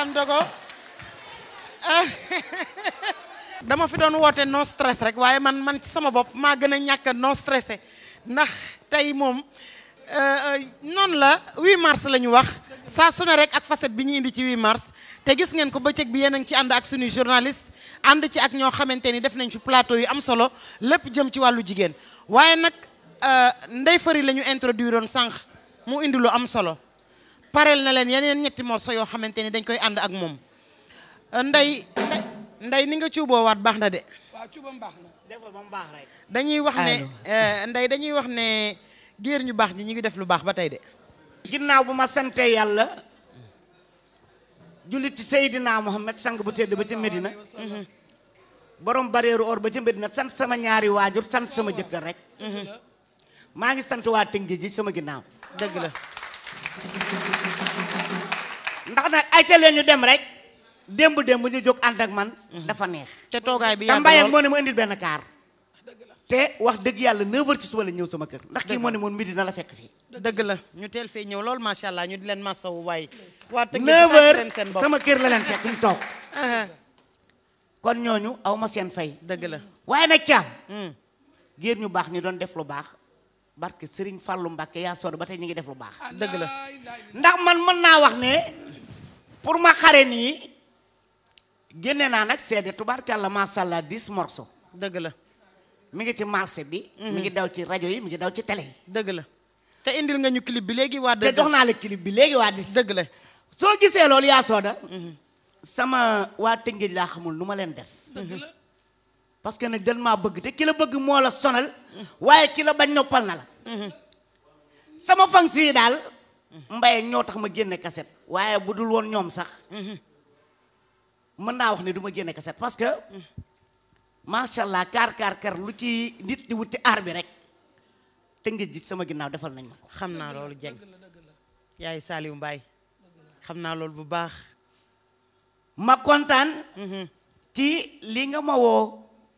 Thiam Dogo ah. dama fi doon woote non stress rek waaye man man sama bopp maa gën a ñàkk non stressé ndax tey moom euh, euh, noonu la 8 mars la ñu wax saa su ne rek ak facette bi ñu indi ci 8 mars te gis ngeen ko bëccëg bi yéen a ngi ci ànd ak sunuy journaliste ànd ci ak ñoo xamante ni def nañ ci plateau yi am solo lépp jëm ci wàllu jigéen waaye nag euh, Ndeye Fary la ñu introduire woon sànq mu indi lu am solo pareel na leen yeneen ñetti morceau yoo xamante ni dañ koy ànd ak moom nday nday ni nga cuuboo waat baax na de waaw cuubam baax na def ko mu baax rek dañuy wax ne eh, nday dañuy wax ne géer ñu baax ñi ñu ngi def lu baax ba tey de ginnaaw bu ma sante yàlla jullit ci Seydina Muhammad sang bu tedd ba ca Medina uhuh. borom bareeru or ba ca Medina sant sama ñaari waajur sant sama jëkkër rek maa ngi sant waat Tëngéej ji sama ginnaaw dëgg la tax nag ay ca leen ñu dem rek démb démb ñu jóg ànd ak man. Mhm. dafa neex. te toogaay bi yàgg lool moo ne mu indil benn kaar. te wax dëgg yàlla 9 ci suba la ñëw sama kër. ndax kii moo ne moom midi na la fekk fii. dëgg la ñu teel fee ñëw lool macha allah ñu di leen masawu waaye. waa tëgg 9h sama kër la leen fekk ñu toog. Uh-huh. kon ñooñu aw ma seen fay. dëgg la waaye nag caam. Hmm. géer ñu baax ñu doon def lu baax. barke Serigne Fallou Mbacke yaa sonn ba tey ñu ngi def lu baax. dëgg la pour ma xare nii génne naa nag seede la macha allah dix morso dëgg la. mu ngi ci marché bi. mu ngi mhm. daw ci rajo yi mi ngi daw ci télé yi. dëgg la te indil nga ñu clip bi léegi waa. te naa la clip bi léegi waa dis. dëgg la soo gisee loolu yaa sooda. Mhm. sama waa Tëngéej laa xamul nu ma leen def. dëgg que nag dañ maa bëgg te ki bëgg moo la sonal. waaye ki la bañ noppal na la. Mhm. sama fans yi daal. mbaye ñoo tax ma génne kaset waaye bu dul woon ñoom sax mhm. mën naa wax ne du ma génne kaset parce que mhm. macha allah kaar kaar kaar lu ci nit di wuti aar bi rek te nga ji sama ginnaaw defal nañ ma ko xam naa loolu jeng yaay Saliou Mbaye xam naa loolu bu baax ma kontaan mhm. ci lii nga ma woo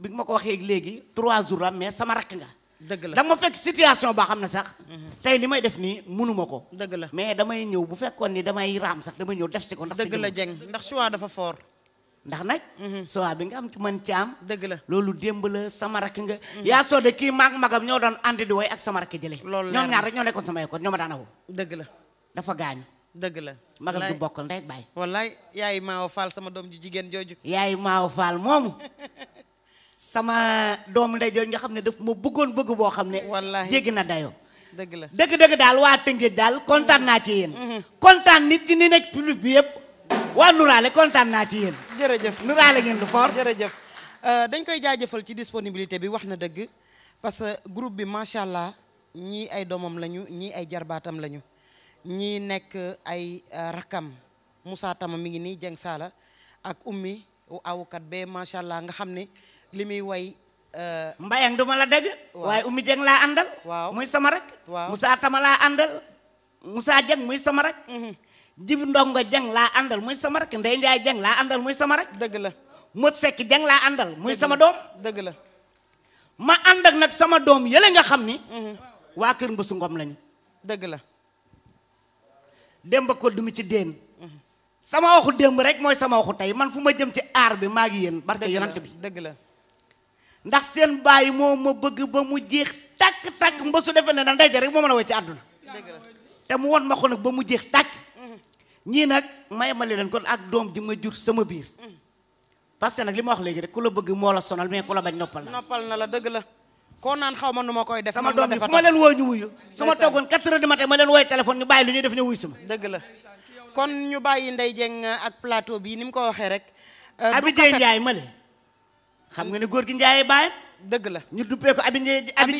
bi nga ma ko waxee léegi trois jours am mais sama rakk nga dëgg la da ma fekk situation baa xam ne sax. Mhm. tey li may def nii mënuma ko. dëgg la mais damay ñëw bu fekkoon ni damay raam sax damay ñëw def si ko. ndax si dëgg ndax choix dafa fort. ndax nag. Mhm. choix bi nga am man caam. dëgg la loolu démb la sama rakk nga. Mhm. yaa soo de kii maag magam ñoo doon andi di way ak sama rakk jëlee. loolu ñoom rek ñoo nekkoon sama école ñoo ma daan awu. dëgg la dafa gaañu. dëgg la magam du bokkal ndey ak baay. wallaay yaay Maawa Fall sama doom ju jigéen jooju. yaay Maawa sama doom ndey jooju nga xam ne daf ma bëggoon bëgg boo xam ne. wallaahi jéggi na dayoo. dëgg la dëgg-dëgg daal waa Tëngéej daal kontaan naa ci yéen. Mm-hmm. kontaan nit ñi nekk public bi yëpp. waa Nuraale kontaan naa ci yéen. jërëjëf Nuraale ngeen lu fort jërëjëf. Euh, dañ koy jaajëfal ci disponibilité bi wax na dëgg parce que groupe bi macha allah ñii ay doomam lañu ñii ay jarbaatam lañu ñii nekk ay euh, rakam Moussa Tama mi ngi nii Dieng saala ak ummi awukat be macha allah nga xam ne. li muy woy euh, mbayang duma la dëgg. waaye Oumy Dieng laa àndal. waaw muy sama rek. waaw Moussa Tama laa àndal. musaa Dieng muy sama rek. Mhm. Jibi Ndongo Dieng laa àndal muy sama rek Ndeye laa àndal muy sama rek. dëgg la Modou Seck Dieng laa àndal muy sama doom. dëgg la ma àndak nag sama doom yële nga xam ni. Mhm. waa Kër Mbasu Ngom lañu. dëgg la. Demba ko du mu ci déen. Mhm. sama waxu démb rek mooy sama waxu tey man fu ma jëm ci aar bi maa ngi yéen. barke yonant bi dëgg la. ndax seen baay moo ma bëgg ba mu jeex tàkk tàkk mbasu defe ne na ndey ja rek moo mën a way ci àdduna te mu won ma ko nag ba mu jeex tàkk ñii nag ma yemale leen kon ak doom ji ma jur sama biir parce que nag li ma wax léegi rek ku la bëgg moo la sonal mais ku la bañ noppal na na la dëgg la koo naan xaw ma nu ma koy def sama doom ji fu ma leen woo ñu wuyu su ma toogoon quatre heures du matin ma leen wooy téléphone ñu bàyyi lu ñuy def ne wuy sama dëgg la kon ñu bàyyi Ndeye ak plateau bi ni mu ko waxee rek euh, Abidou Ndiaye ma le xam nga ne góor gi njaay baayam. dëgg la ñu duppee ko Abi Ndiaye Abi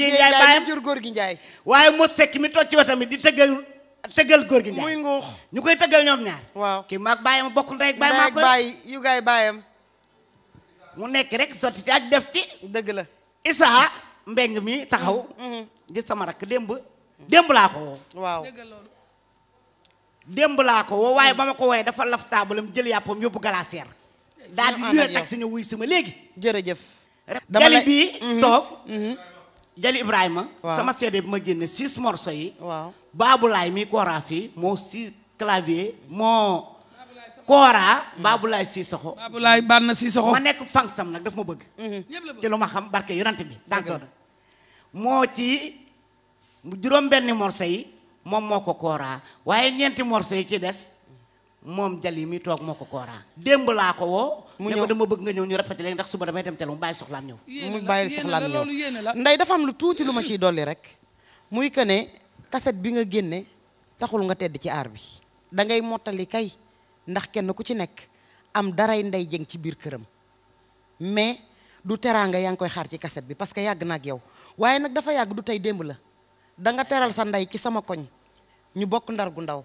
baayam jur góor gi Ndiaye. waaye moo sekk mi toog ci wa tamit di tëggal tëggal góor gi Ndiaye. muy ñu koy tëggal ñoom waaw kii maag baay maa koy baay yu gaay baayam. mu nekk rek sotti ak def ci. dëgg la Issa Mbeng mi taxaw. Mm-hmm. di sama rakk démb. démb laa ko woo. démb laa ko woo waaye ba ma ko wooyee dafa laf mu jël yàppam yóbbu glacière. daal di luyee taxi ñëw wuy si ma léegi. jërëjëf. dama jali bii mhm. toog. Mhm. jali Ibrahima. sama CD bi ma génne six morceaux yi. Baabulaay mi kooraa fii moo si clavier moo. Kora mhm. Baabulaay Sisoxo. Baabulaay Banna Sisoxo. ma nekk fan sam nag daf ma bëgg. ci lu ma xam barke yonante bi. dëgg moo ci juróom-benni morceaux yi moom moo ko Kora waaye ñeenti morceaux yi ci des. moom jal yi mi toog moo ko kooraa démb laa ko woo ne ko nga ñëw ñu répété léegi ndax suba damay dem teel mu bàyyi soxlaam ñëw mu bàyyi soxlaam ñëw ndey dafa am lu tuuti lu ma ciy dolli rek muy que ne kaset bi nga génne taxul nga tedd ci aar bi da ngay mottali kay ndax kenn ku ci nekk am daray ndey jeng ci biir këram mais du teraanga yaa ngi koy xaar ci kaset bi parce que yàgg naa ak yow waaye nag dafa yàgg du tey démb la da nga teral sa ndey ki sama koñ ñu bokk ndar gu ndaw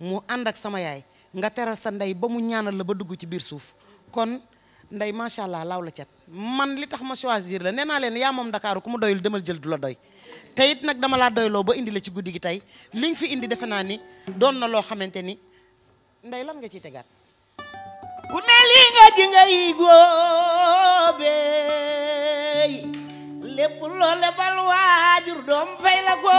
mu ànd ak sama yaay nga teral sa ndey ba mu ñaanal la ba dugg ci biir suuf kon ndey macha allah laaw la cat man li tax ma choisir la nee naa leen yaa moom Dakar ku mu doyul demal jël du la doy te nag dama laa doyloo ba indi la ci guddi gi tey li fi indi defe naa ni doon na loo xamante ni ndey nga ciy tegaat. lii nga ji ngay góobee lépp loole waajur doom fay la ko.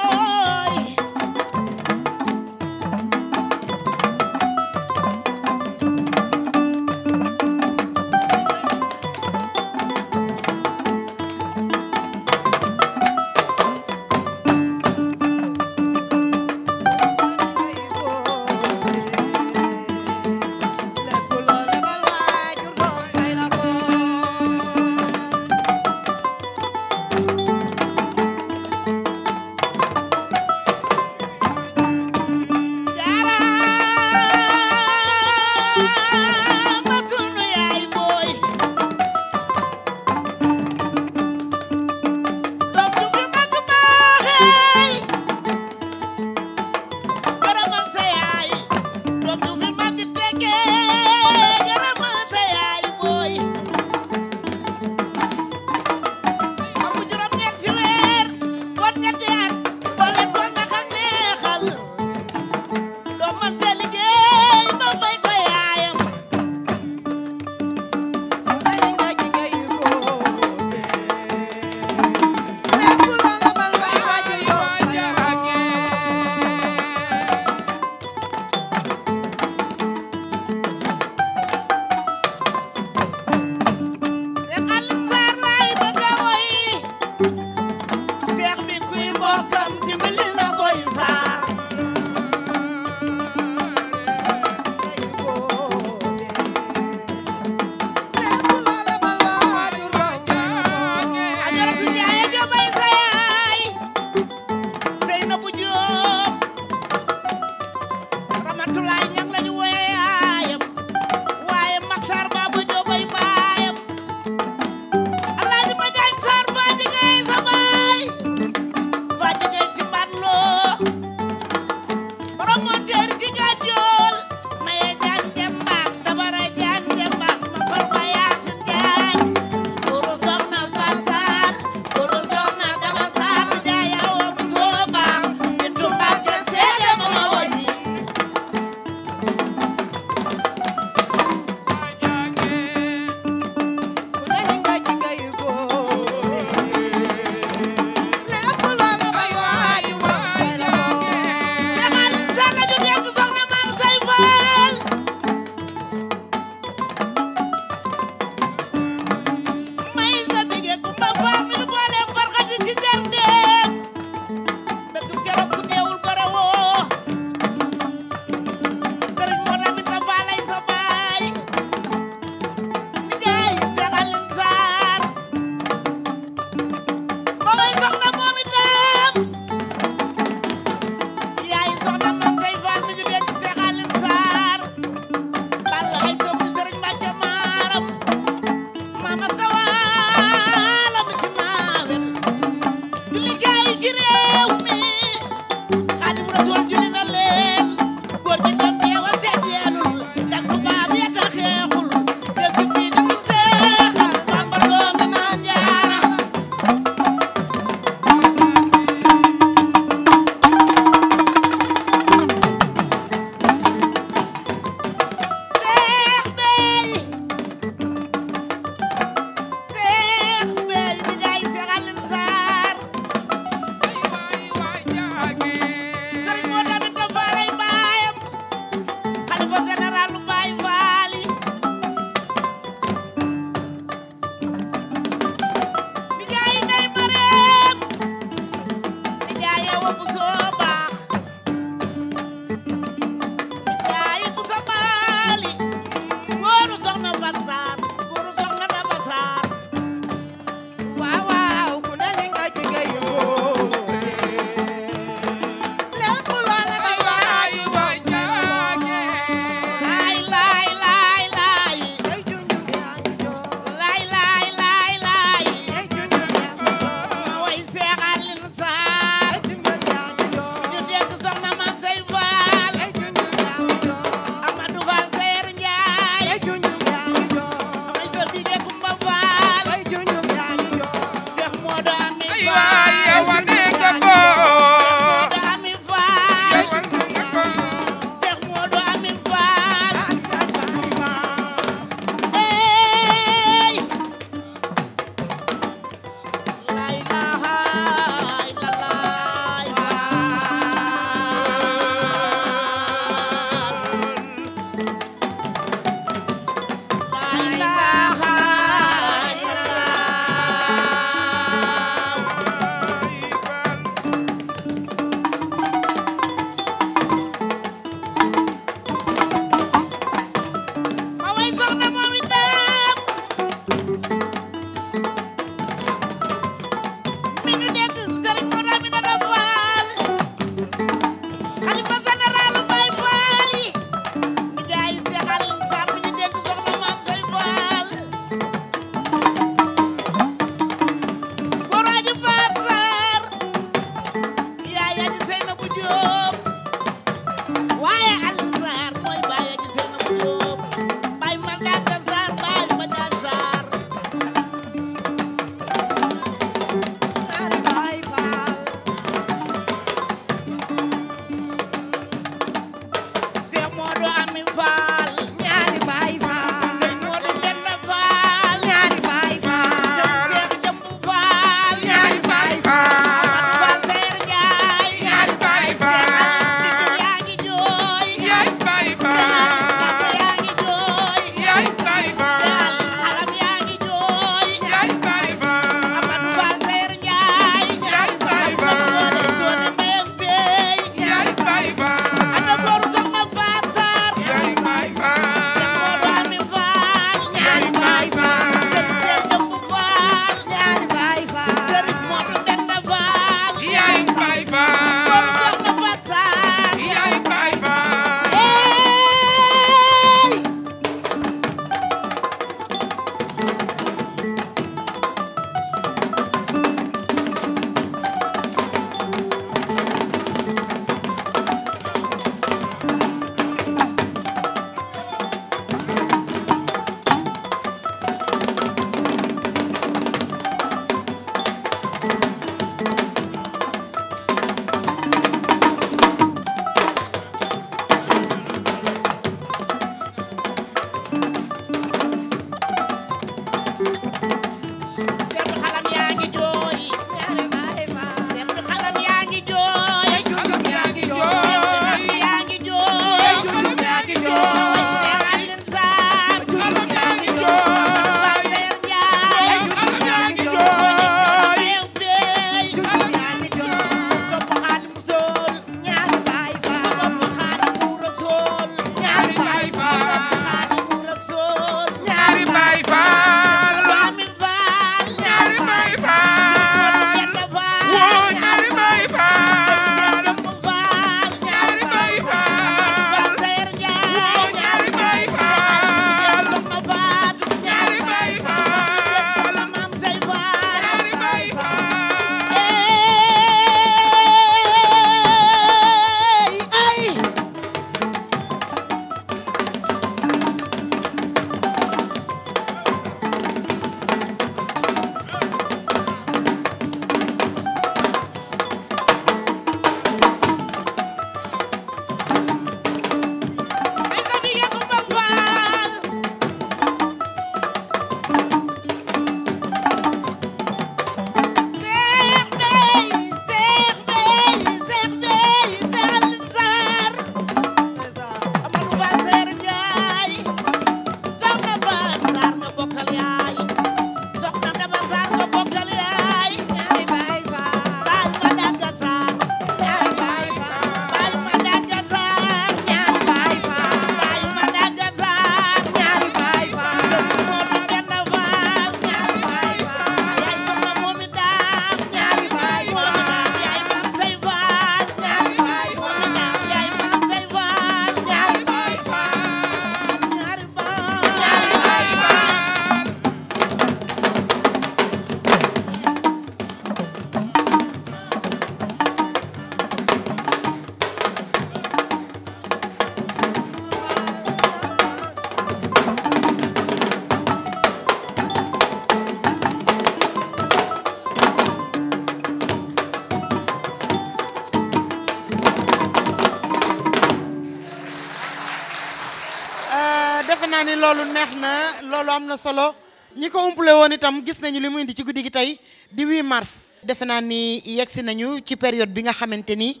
am na solo ñi ko umpule woon itam gis nañu li mu indi ci guddi gi tey di mars. defe naa ni yegsi nañu ci période bi nga xamante ni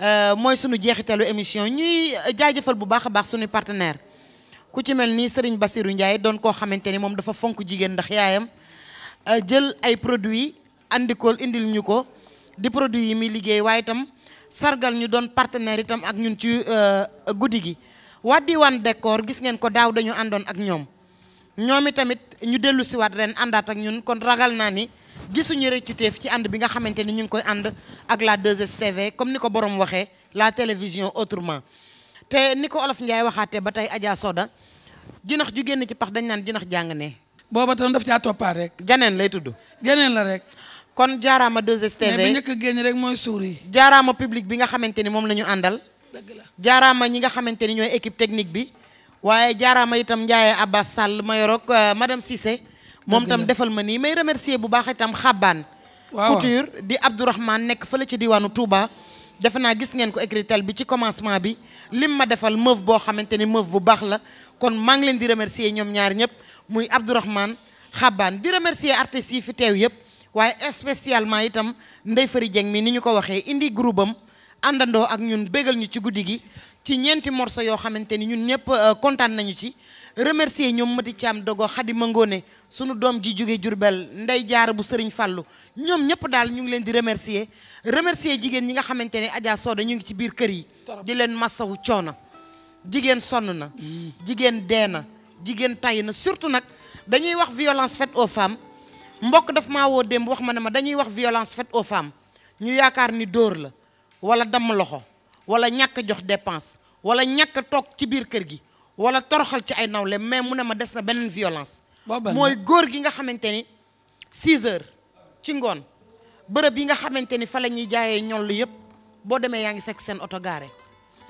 euh, mooy sunu jeexitalu émission ñuy jaajëfal bu baax a baax suñuy partenaire ku ci mel ni Serigne Bassirou Ndiaye doon koo xamante ni moom dafa fonk jigéen ndax yaayam euh, jël ay produits indi lu ñu ko di produits yi muy liggéey waaye itam sargal ñu doon partenaire itam ak ñun ci euh, guddi gi waa diwaan décor gis ngeen ko daaw dañu àndoon ak ñoom ñoom tamit ñu dellu siwaat ren àndaat ak ñun kon ragal naa ni gisuñu réccuteef ci ànd bi nga xamante ni ñu ngi koy ànd ak la 2STV comme ni ko borom waxee la télévision autrement te ni ko olof Ndiaye waxaatee ba tey Adja Soda jinax ju génn ci pax dañ naan jinax jàng ne. booba tam daf caa toppaat rek. janeen lay tudd. janeen la rek. kon jaaraama 2STV mais rek mooy suur yi. jaaraama public bi nga xamante ni moom la ñu àndal. dëgg la jaaraama ñi nga xamante ni ñooy équipe technique bi. waaye jaaraama itam Ndiaye Abbas Sall ma yoroog euh, madame Cissé. moom itam defal ma nii may remercier bu baax itam xabbaan couture di Abdourahmane nekk fa la ci diwaanu Touba. defe naa gis ngeen ko écritel bi ci commencement bi lim ma defal meuf boo xamante ni meuf bu baax la kon maa ngi leen di remercier ñoom ñaar ñëpp muy Abdourahmane xabbaan di remercier artistes yi fi teew yëpp waaye spécialement itam Ndeye Fary Dieng mi ni ñu ko waxee indi groupe am àndandoo ak ñun bégal ñu ci guddi gi ci ñeenti morceau yoo xamante ni ñun ñëpp euh, kontaan nañu ci remercier ñoom Mati Thiam Dogo Khady Mangone sunu doom ji jóge Jurbel Ndey Jaara bu Sëriñ Fàllu ñoom ñëpp daal ñu ngi leen di remercier remercier jigéen ñi nga xamante ne Adja Soda ñu ngi ci biir kër yi di leen massawu coono jigéen sonn na mm. jigéen dee na jigéen tay na surtout nag dañuy wax violence faite o femmes mbokk daf maa woo démb wax ma ne ma dañuy wax violence faite aux femmes ñu yaakaar ni dóor la wala damm loxo wala ñàkk jox dépense wala ñàkk toog ci biir kër gi wala toroxal ci ay nawle mais mu ne ma des na beneen violence mooy góor gi nga xamante ni 6 heures ci ngoon bërëb yi nga xamante ni fa la ñuy jaayee ñoll yëpp boo demee yaa ngi fekk seen oto gaare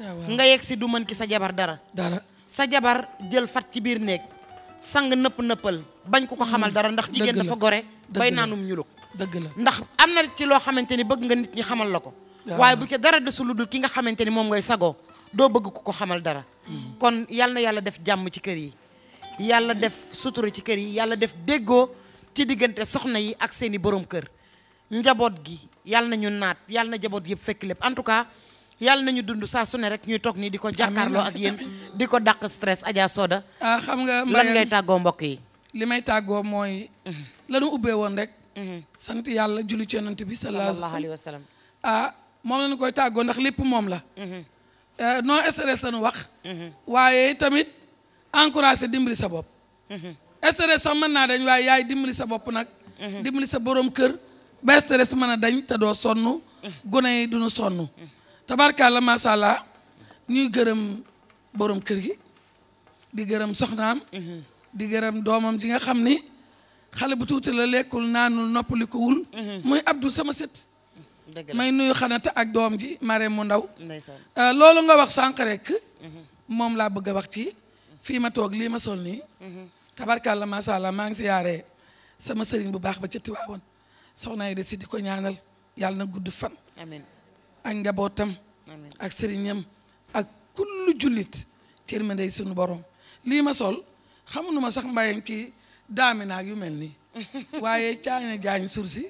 ah, nga yegg si du mën ki sa jabar dara dara sa jabar jël fat ci biir néeg sang nëpp nëppal bañ ko ko xamal hmm. dara ndax jigéen dafa gore bay naanum ñuluk dëgg la ndax am na ci loo xamante ni bëgg nga nit ñi xamal la ko Ah. waaye bu ca dara desu lu dul ki nga xamante ni moom ngay sagoo doo bëgg ku ko xamal dara hmm. kon yal na yàlla def jàmm ci kër yi yàlla def sutura ci kër yi yàlla def déggoo ci diggante soxna yi ak seeni borom kër njaboot gi yàlla na naat yàlla na njaboot yëpp fekk lépp en tout cas yàlla nañu ñu dund saa su ne rek ñuy toog nii di ko jàkkaarloo ak yéen di ko dàq stress Adja Soda ah xam nga lan ngay tàggoo mbokk yi li may tàggoo mooy hmm. lanu ubbee woon rek hmm. sant yàlla julli ci yonent bi sallallahu alayhi wa moom lañu koy tàggoo ndax lépp moom la mhm. euh, non stress lañu wax mhm. waaye tamit encouragé dimbali sa bopp mhm. stress sax man naa dañ waaye yaay dimbali sa bopp nag dimbali sa boroom kër ba stress man a dañ te doo sonn gone yi duñu sonn tabarkalla macha allah ñuy gërëm borom kër gi di gërëm soxnaam di gërëm doomam ji nga xam ni xale bu tuuti la lekkul naanul noppalikuwul muy abdou sama set may nuyu xanata ak doom ji mare mu ndaw euh, loolu nga wax sànq rek mhm. moom laa bëgg a wax ci fii ma toog lii ma sol nii mhm. tabarkàlla macha allah maa ngi siyaaree sama sëriñ bu baax ba ca Tiwaawoon soxna yi de si di ko ñaanal yàlla na gudd fan ak njabootam ak sëriñam ak kullu jullit cërma ndey suñu borom lii ma sol xamu nu ma sax mbayam ki daami naag yu mel nii waaye caane jaañ sursi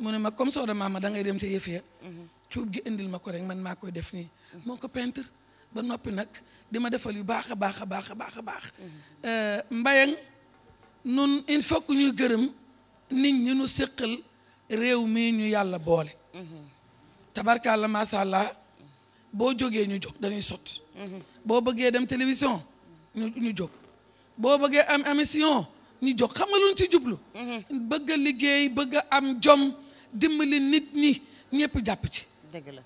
mu ne ma comme soo da maama da ngay dem ca yëf ya mhm. cuub gi indil ma ko rek man maa koy def nii mhm. moo ko peintre ba noppi nag di ma defal yu baax a baax a baax a baax a baax mhm. euh, mbayang nun il faut que ñuy gërëm ni ñi ñu séqal réew mii ñu yàlla boole tabarkàlla macha allah boo jógee ñu jóg dañuy sot boo bëggee dem télévision ñu ñu jóg boo bëggee am émission ñu jóg xam nga lu ñu ci jublu bëgg a liggéey bëgg a am jom dimbali nit ñi ñëpp jàpp ci. dëgg la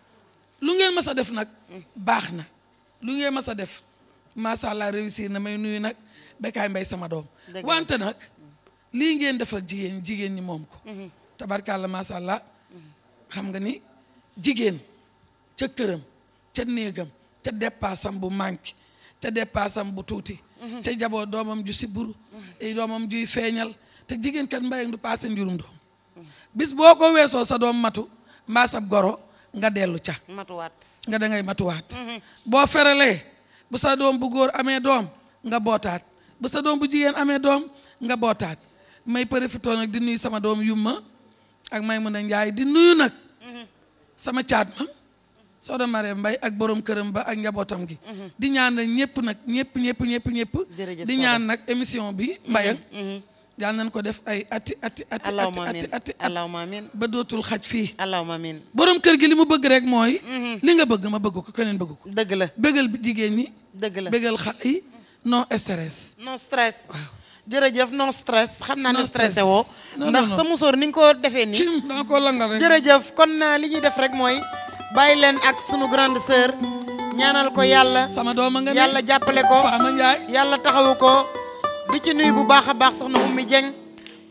lu ngeen mas a def nag. Mm. baax na lu ngeen mas a def macha allah réussir na may nuyu nag Bécaye mbay sama doom. wante nag lii ngeen defal jigéen jigéen ñi moom ko. Mm-hmm. tabarkalla macha allah mm-hmm. xam nga ni jigéen ca këram ca néegam ca dépassam bu manqué ca dépassam bu tuuti. Mm-hmm. ca jaboo doomam ju si buru. doomam juy feeñal te jigéen kat mbay du paase njurum doom. bis boo ko weesoo sa doom matu mbaa sab goro nga dellu ca matuwaat nga da matuwaat mm-hmm. boo feralee bu sa doom bu góor amee doom nga bootaat bu sa doom bu jigéen amee doom nga bootaat may profitoo nag di nuyu sama doom yumma ak may mun a njaay di nuyu nag mm-hmm. sama caat ma soo da maree mbay ak boroom këram ba ak njabootam gi mm-hmm. di ñaan nag ñëpp nag ñëpp ñëpp ñëpp ñëpp di ñaan nag émission bi mbay yàlla nañ ko def ay ati ati ati ati ati ati ba dootul xaj fii allahumma amin borom kër gi li mu bëgg rek mooy mhm. li nga bëgg ma bëgg ko keneen bëgg ko dëgg la bégal jigéen ñi dëgg la bégal xale yi non stress non stress waaw jërëjëf non stress xam naa ne stressé woo ndax sa musóor ni nga ko defee nii danga ko langal rek jërëjëf kon euh, li ñuy def rek mooy bàyyi leen ak sunu grande sœur ñaanal ko yàlla sama dooma nga yàlla jàppale ko Fama Ndiaye yàlla taxawu ko di ci nuyu bu baax a baax soxna Oumy Dieng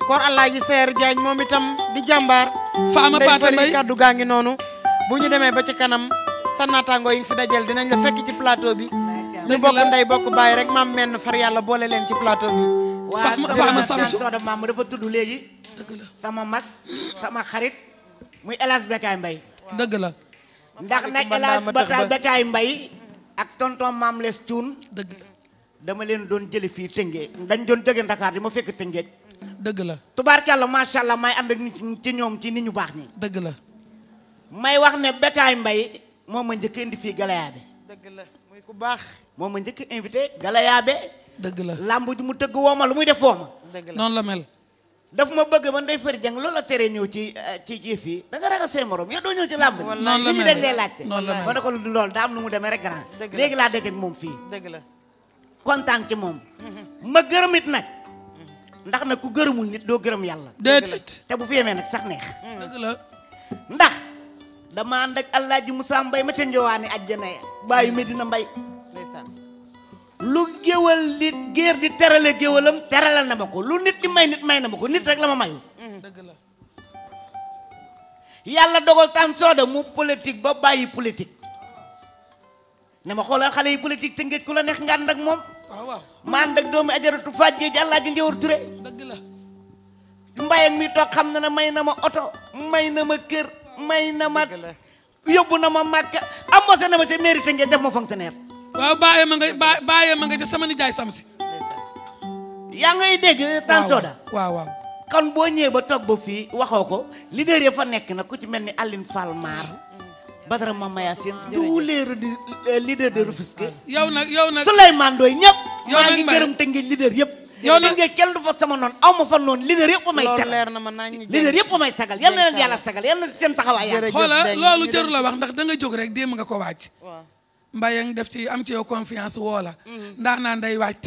koor Alaaji Seer Jaañ moom itam di jàmbaar faama paate a kaddu gaa ngi noonu bu ñu demee ba ci kanam sa naataangoo yi nga dajal dinañ la fekk ci plateau bi ñu bokk bokk bàyyi rek maam menn far yàlla boole leen ci plateau bi faama samsu sooda maam dafa tudd léegi sama mag sama xarit muy El Hadj Mbay dëgg la ndax nag El Hadj Bekaay Mbay ak tonton maam les Thioune dëgg dama leen doon jële fii tëngee dañ doon jóge Ndakaar di ma fekk tëngee dëgg la tubaar tubaarkàlla macha allah may ànd ak ci ñoom ci nit ñu baax nii dëgg la may wax ne Bécaye Mbaye moo ma njëkk indi fii Galaya bi dëgg la muy ku baax moo ma njëkk invité Galaya be dëgg la làmb ji mu tëgg wooma lu muy def wooma noonu la mel daf ma bëgg man day fëri jàng loolu la teree ñëw ci eh, ci jëf yi da nga ragal say morom yow doo ñëw ci làmb ji nit ñi dañ lay laajte ma ne ko loolu daa am lu mu demee rek grand léegi laa dégg ak moom fii la kontaan ci moom ma gërëmit nag ndax nag ku gërëmul nit doo gërëm yàlla déedéet te bu fi yemee nag sax neex mm. dëgg la ndax dama ànd ak Alaaji Musaa Mbay ma ca njowaane ajjana ya bàyyi Medina Mbay lu géwal di géer di terale géwalam teralal na ma ko lu nit di may nit may na ma ko nit rek la ma mayu mm. dëgg la yàlla dogal tan sooda mu politique ba bàyyi politique ne ma xoolal xale yi politique te ngéej ku la neex nga ànd moom. waaw waaw ma ànd ak doomi ajaratu faaj géej àllaa ture. dëgg la. mi toog xam na may na ma oto may na ma kër may na ma. yóbbu na ma màkk embauché na ma ca mairie te def ma fonctionnaire. waaw bàyyi ma nga bàyyi ma nga te sama nijaay sam si. yaa ngay dégg. tan soda kon boo ñëwee ba toog ba fii waxoo ko leader ya fa nekk na ku ci mel ni Aline Fall Maar. Badara Mama Yacine. tous les leaders de Rufisque. yow nag yow nag Souleymane Ndoye ñëpp. yow maa ngi gërëm te ngeen leader yëpp. yow nag ngeen kenn sama noonu aw ma fa noonu leader yëpp may teral. leer na ma may sagal yal na leen yàlla sagal yal na seen taxawaay yàlla. xoola loolu jarul la wax ndax da nga rek démb nga ko wàcc. waaw Mbaye ci am ci yow confiance woo la. Mm-hmm. ndax naan day wàcc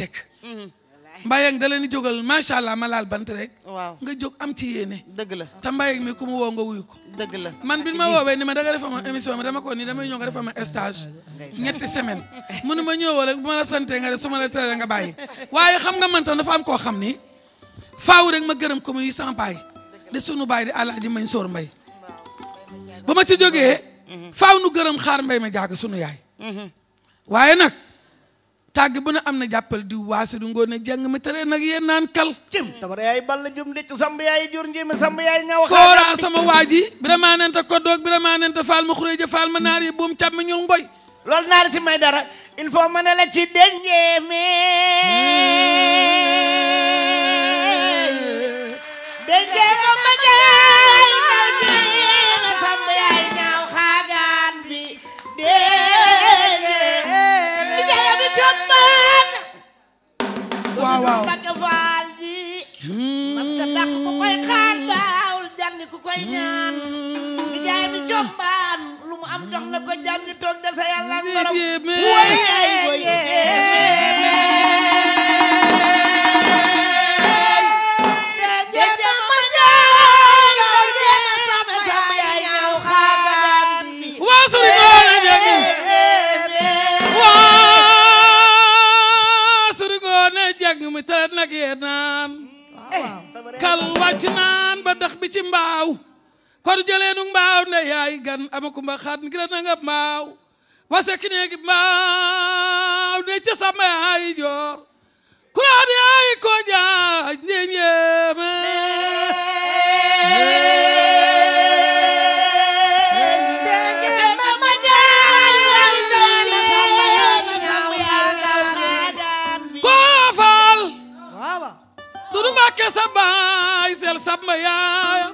mbayang da leen di jógal macha allah ma laal bant rek. waaw nga jóg am ci yéene. dëgg la te mbayang mi ku mu woo nga wuyu la man bi ma woowee ni ma danga defama émission ma dama ko ni damay ñëw nga defama stage. ñetti semaine mënu ma ñëwoo rek bu ma la santee nga def su ma la teree nga bàyyi. waaye xam nga man tam dafa am koo xam ni faaw rek ma gërëm ko muy sama baay di sunu baay di Alaaji Mansour Mbaye ba ma ci jógee. Mm-hmm. faaw nu gërëm xaar mbay ma jaaga sunu yaay. Mm-hmm. waaye nag. tàgg bu na am na jàppal di waasu du ngoon a jàng ma tere nag yéen naan kal cim tabar yaay ball jum de ci samb yaay jur njéeme samb yaay ñaw koora sama waa ji birama nenta faal ma xuréja faal ma naar yi buum ñul ngoy loolu naa la may dara il faut ma ne la ci denjeeme hmm. denjeeme ma waaw Mbacke Fall ji mas ta dàq ku koy xaar daawul jànni ku koy ñaan di jaay mi jombaan lu am jox na ko jàmm ñu toog dasa yàlla ngorom way way mi tëdd nag yee naan kal wàcc naan ba dax bi ci mbaaw kor jëlee nu mbaaw ne yaay gan ama kumba xaat ngira na nga mbaaw wase ki neegi mbaaw ne ca sama yaay joor kuraat yaay ko jaaj njeeñeeme nga sa baay sel sab ma yaaya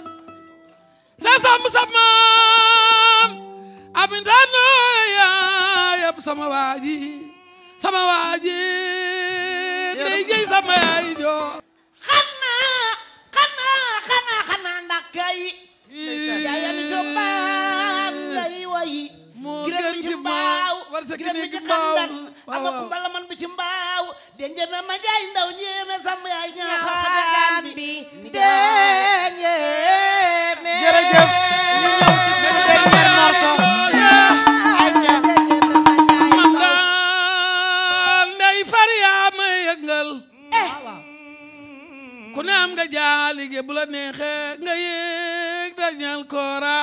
sa sam sab maam amintaano yaayam sama yaay joo xanaa xanaa xanaa xanaa ndakkay yaayam jombaan day wayi moo gën ci mbaaw war sa ama kumba la man bi ci mbaaw de ma jaay ndaw ñeeme sam yaay ñaaxaan bi de ñeeme jërëjëf ñu ñëw ci suñu dernier morceau ku ne am nga jaalige bu la neexee nga yéeg dañal koora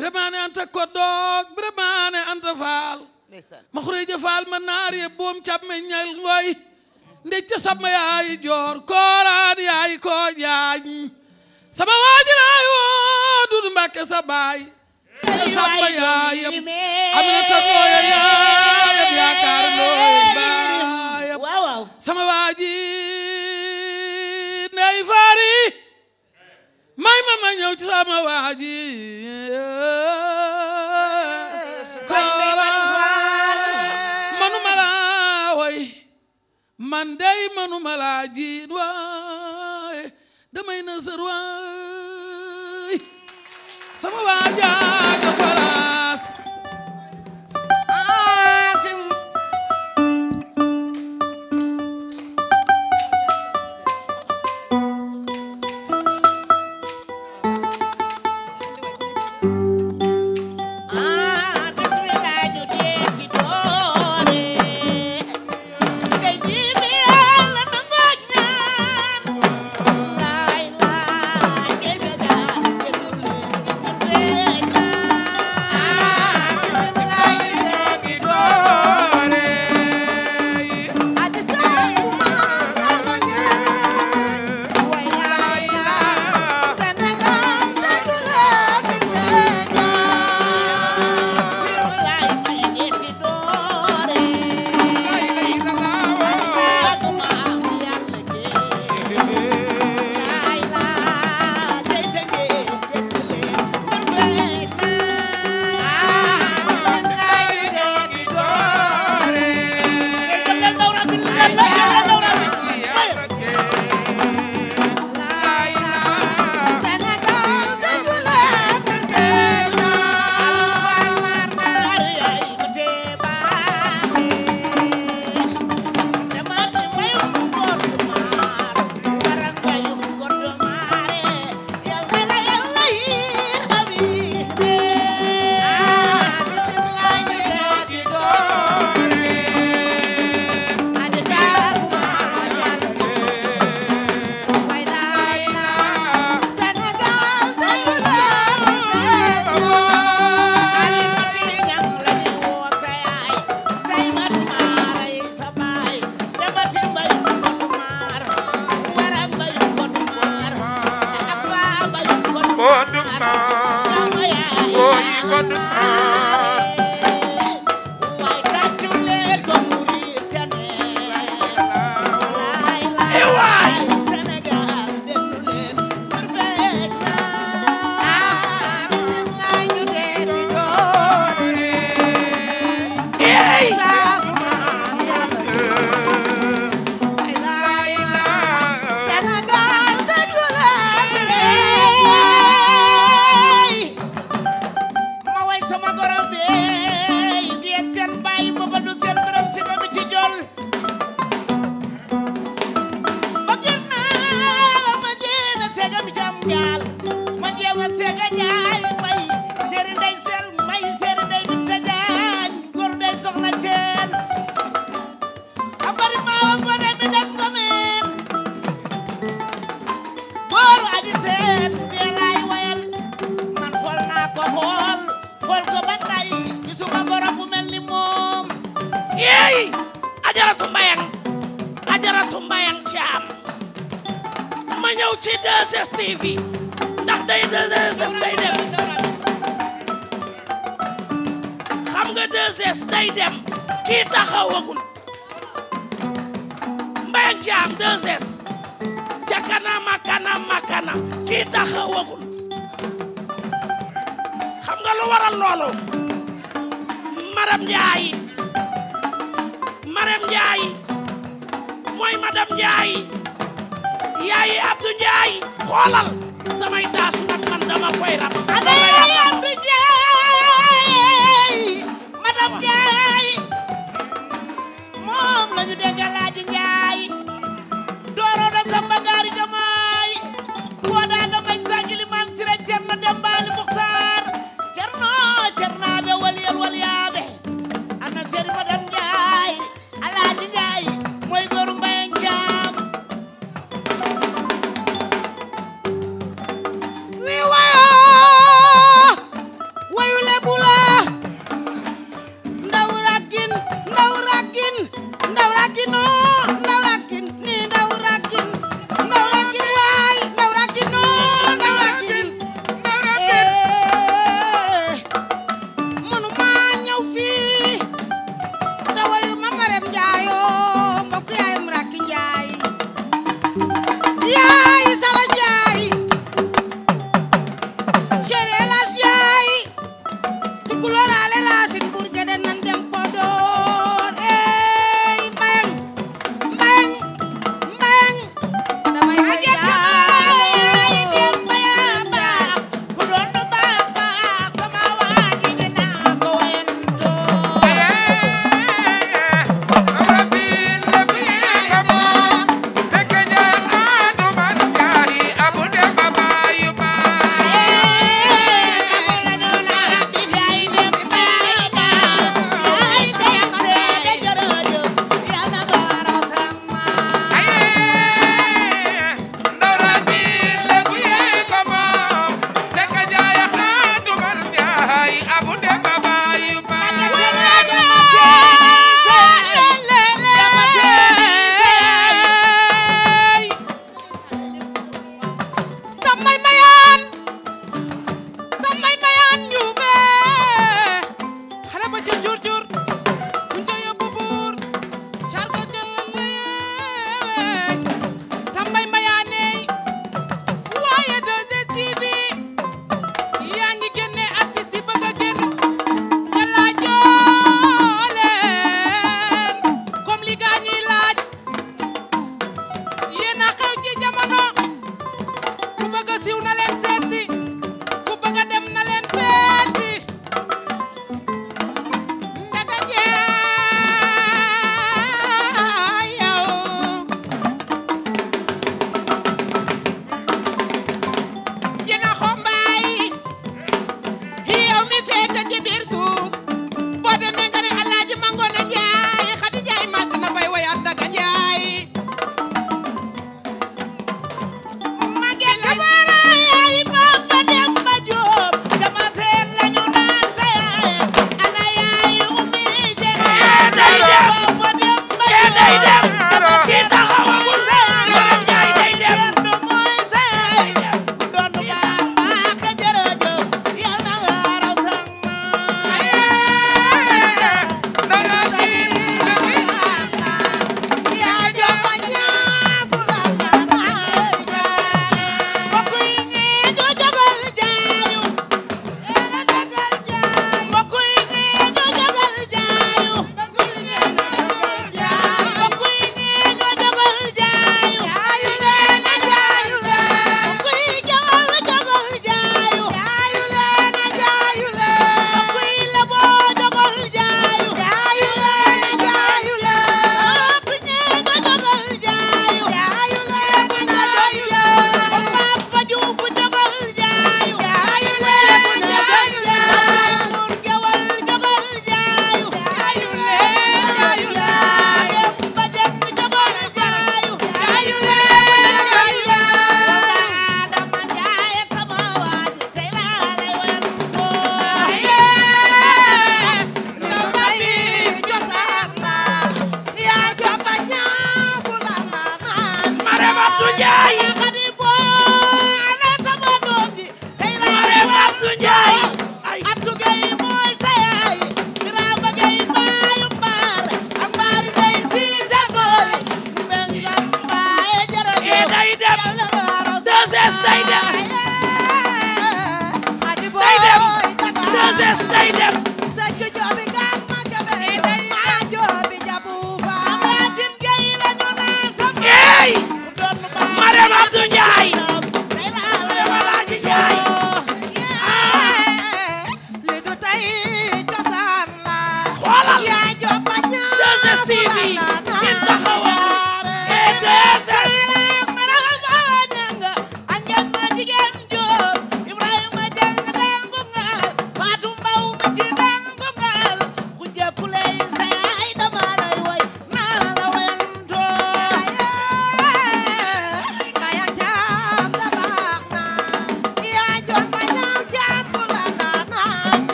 biramaane anta koddoog biramaane anta faal ma xureeje faal ma naar ye camme ñal ngoy ndecce sama yaayi joor kooraan yaayi kooj yaañ sama waaji laay woo dud mbàkke sa baay sama yaayam aminata nooya yaayam yaakaar nooy baayam sama waaji may ma ma ñëw ci sama waa ji man dey manuma laa jiit waay damay nasar waay sama waajaaga fala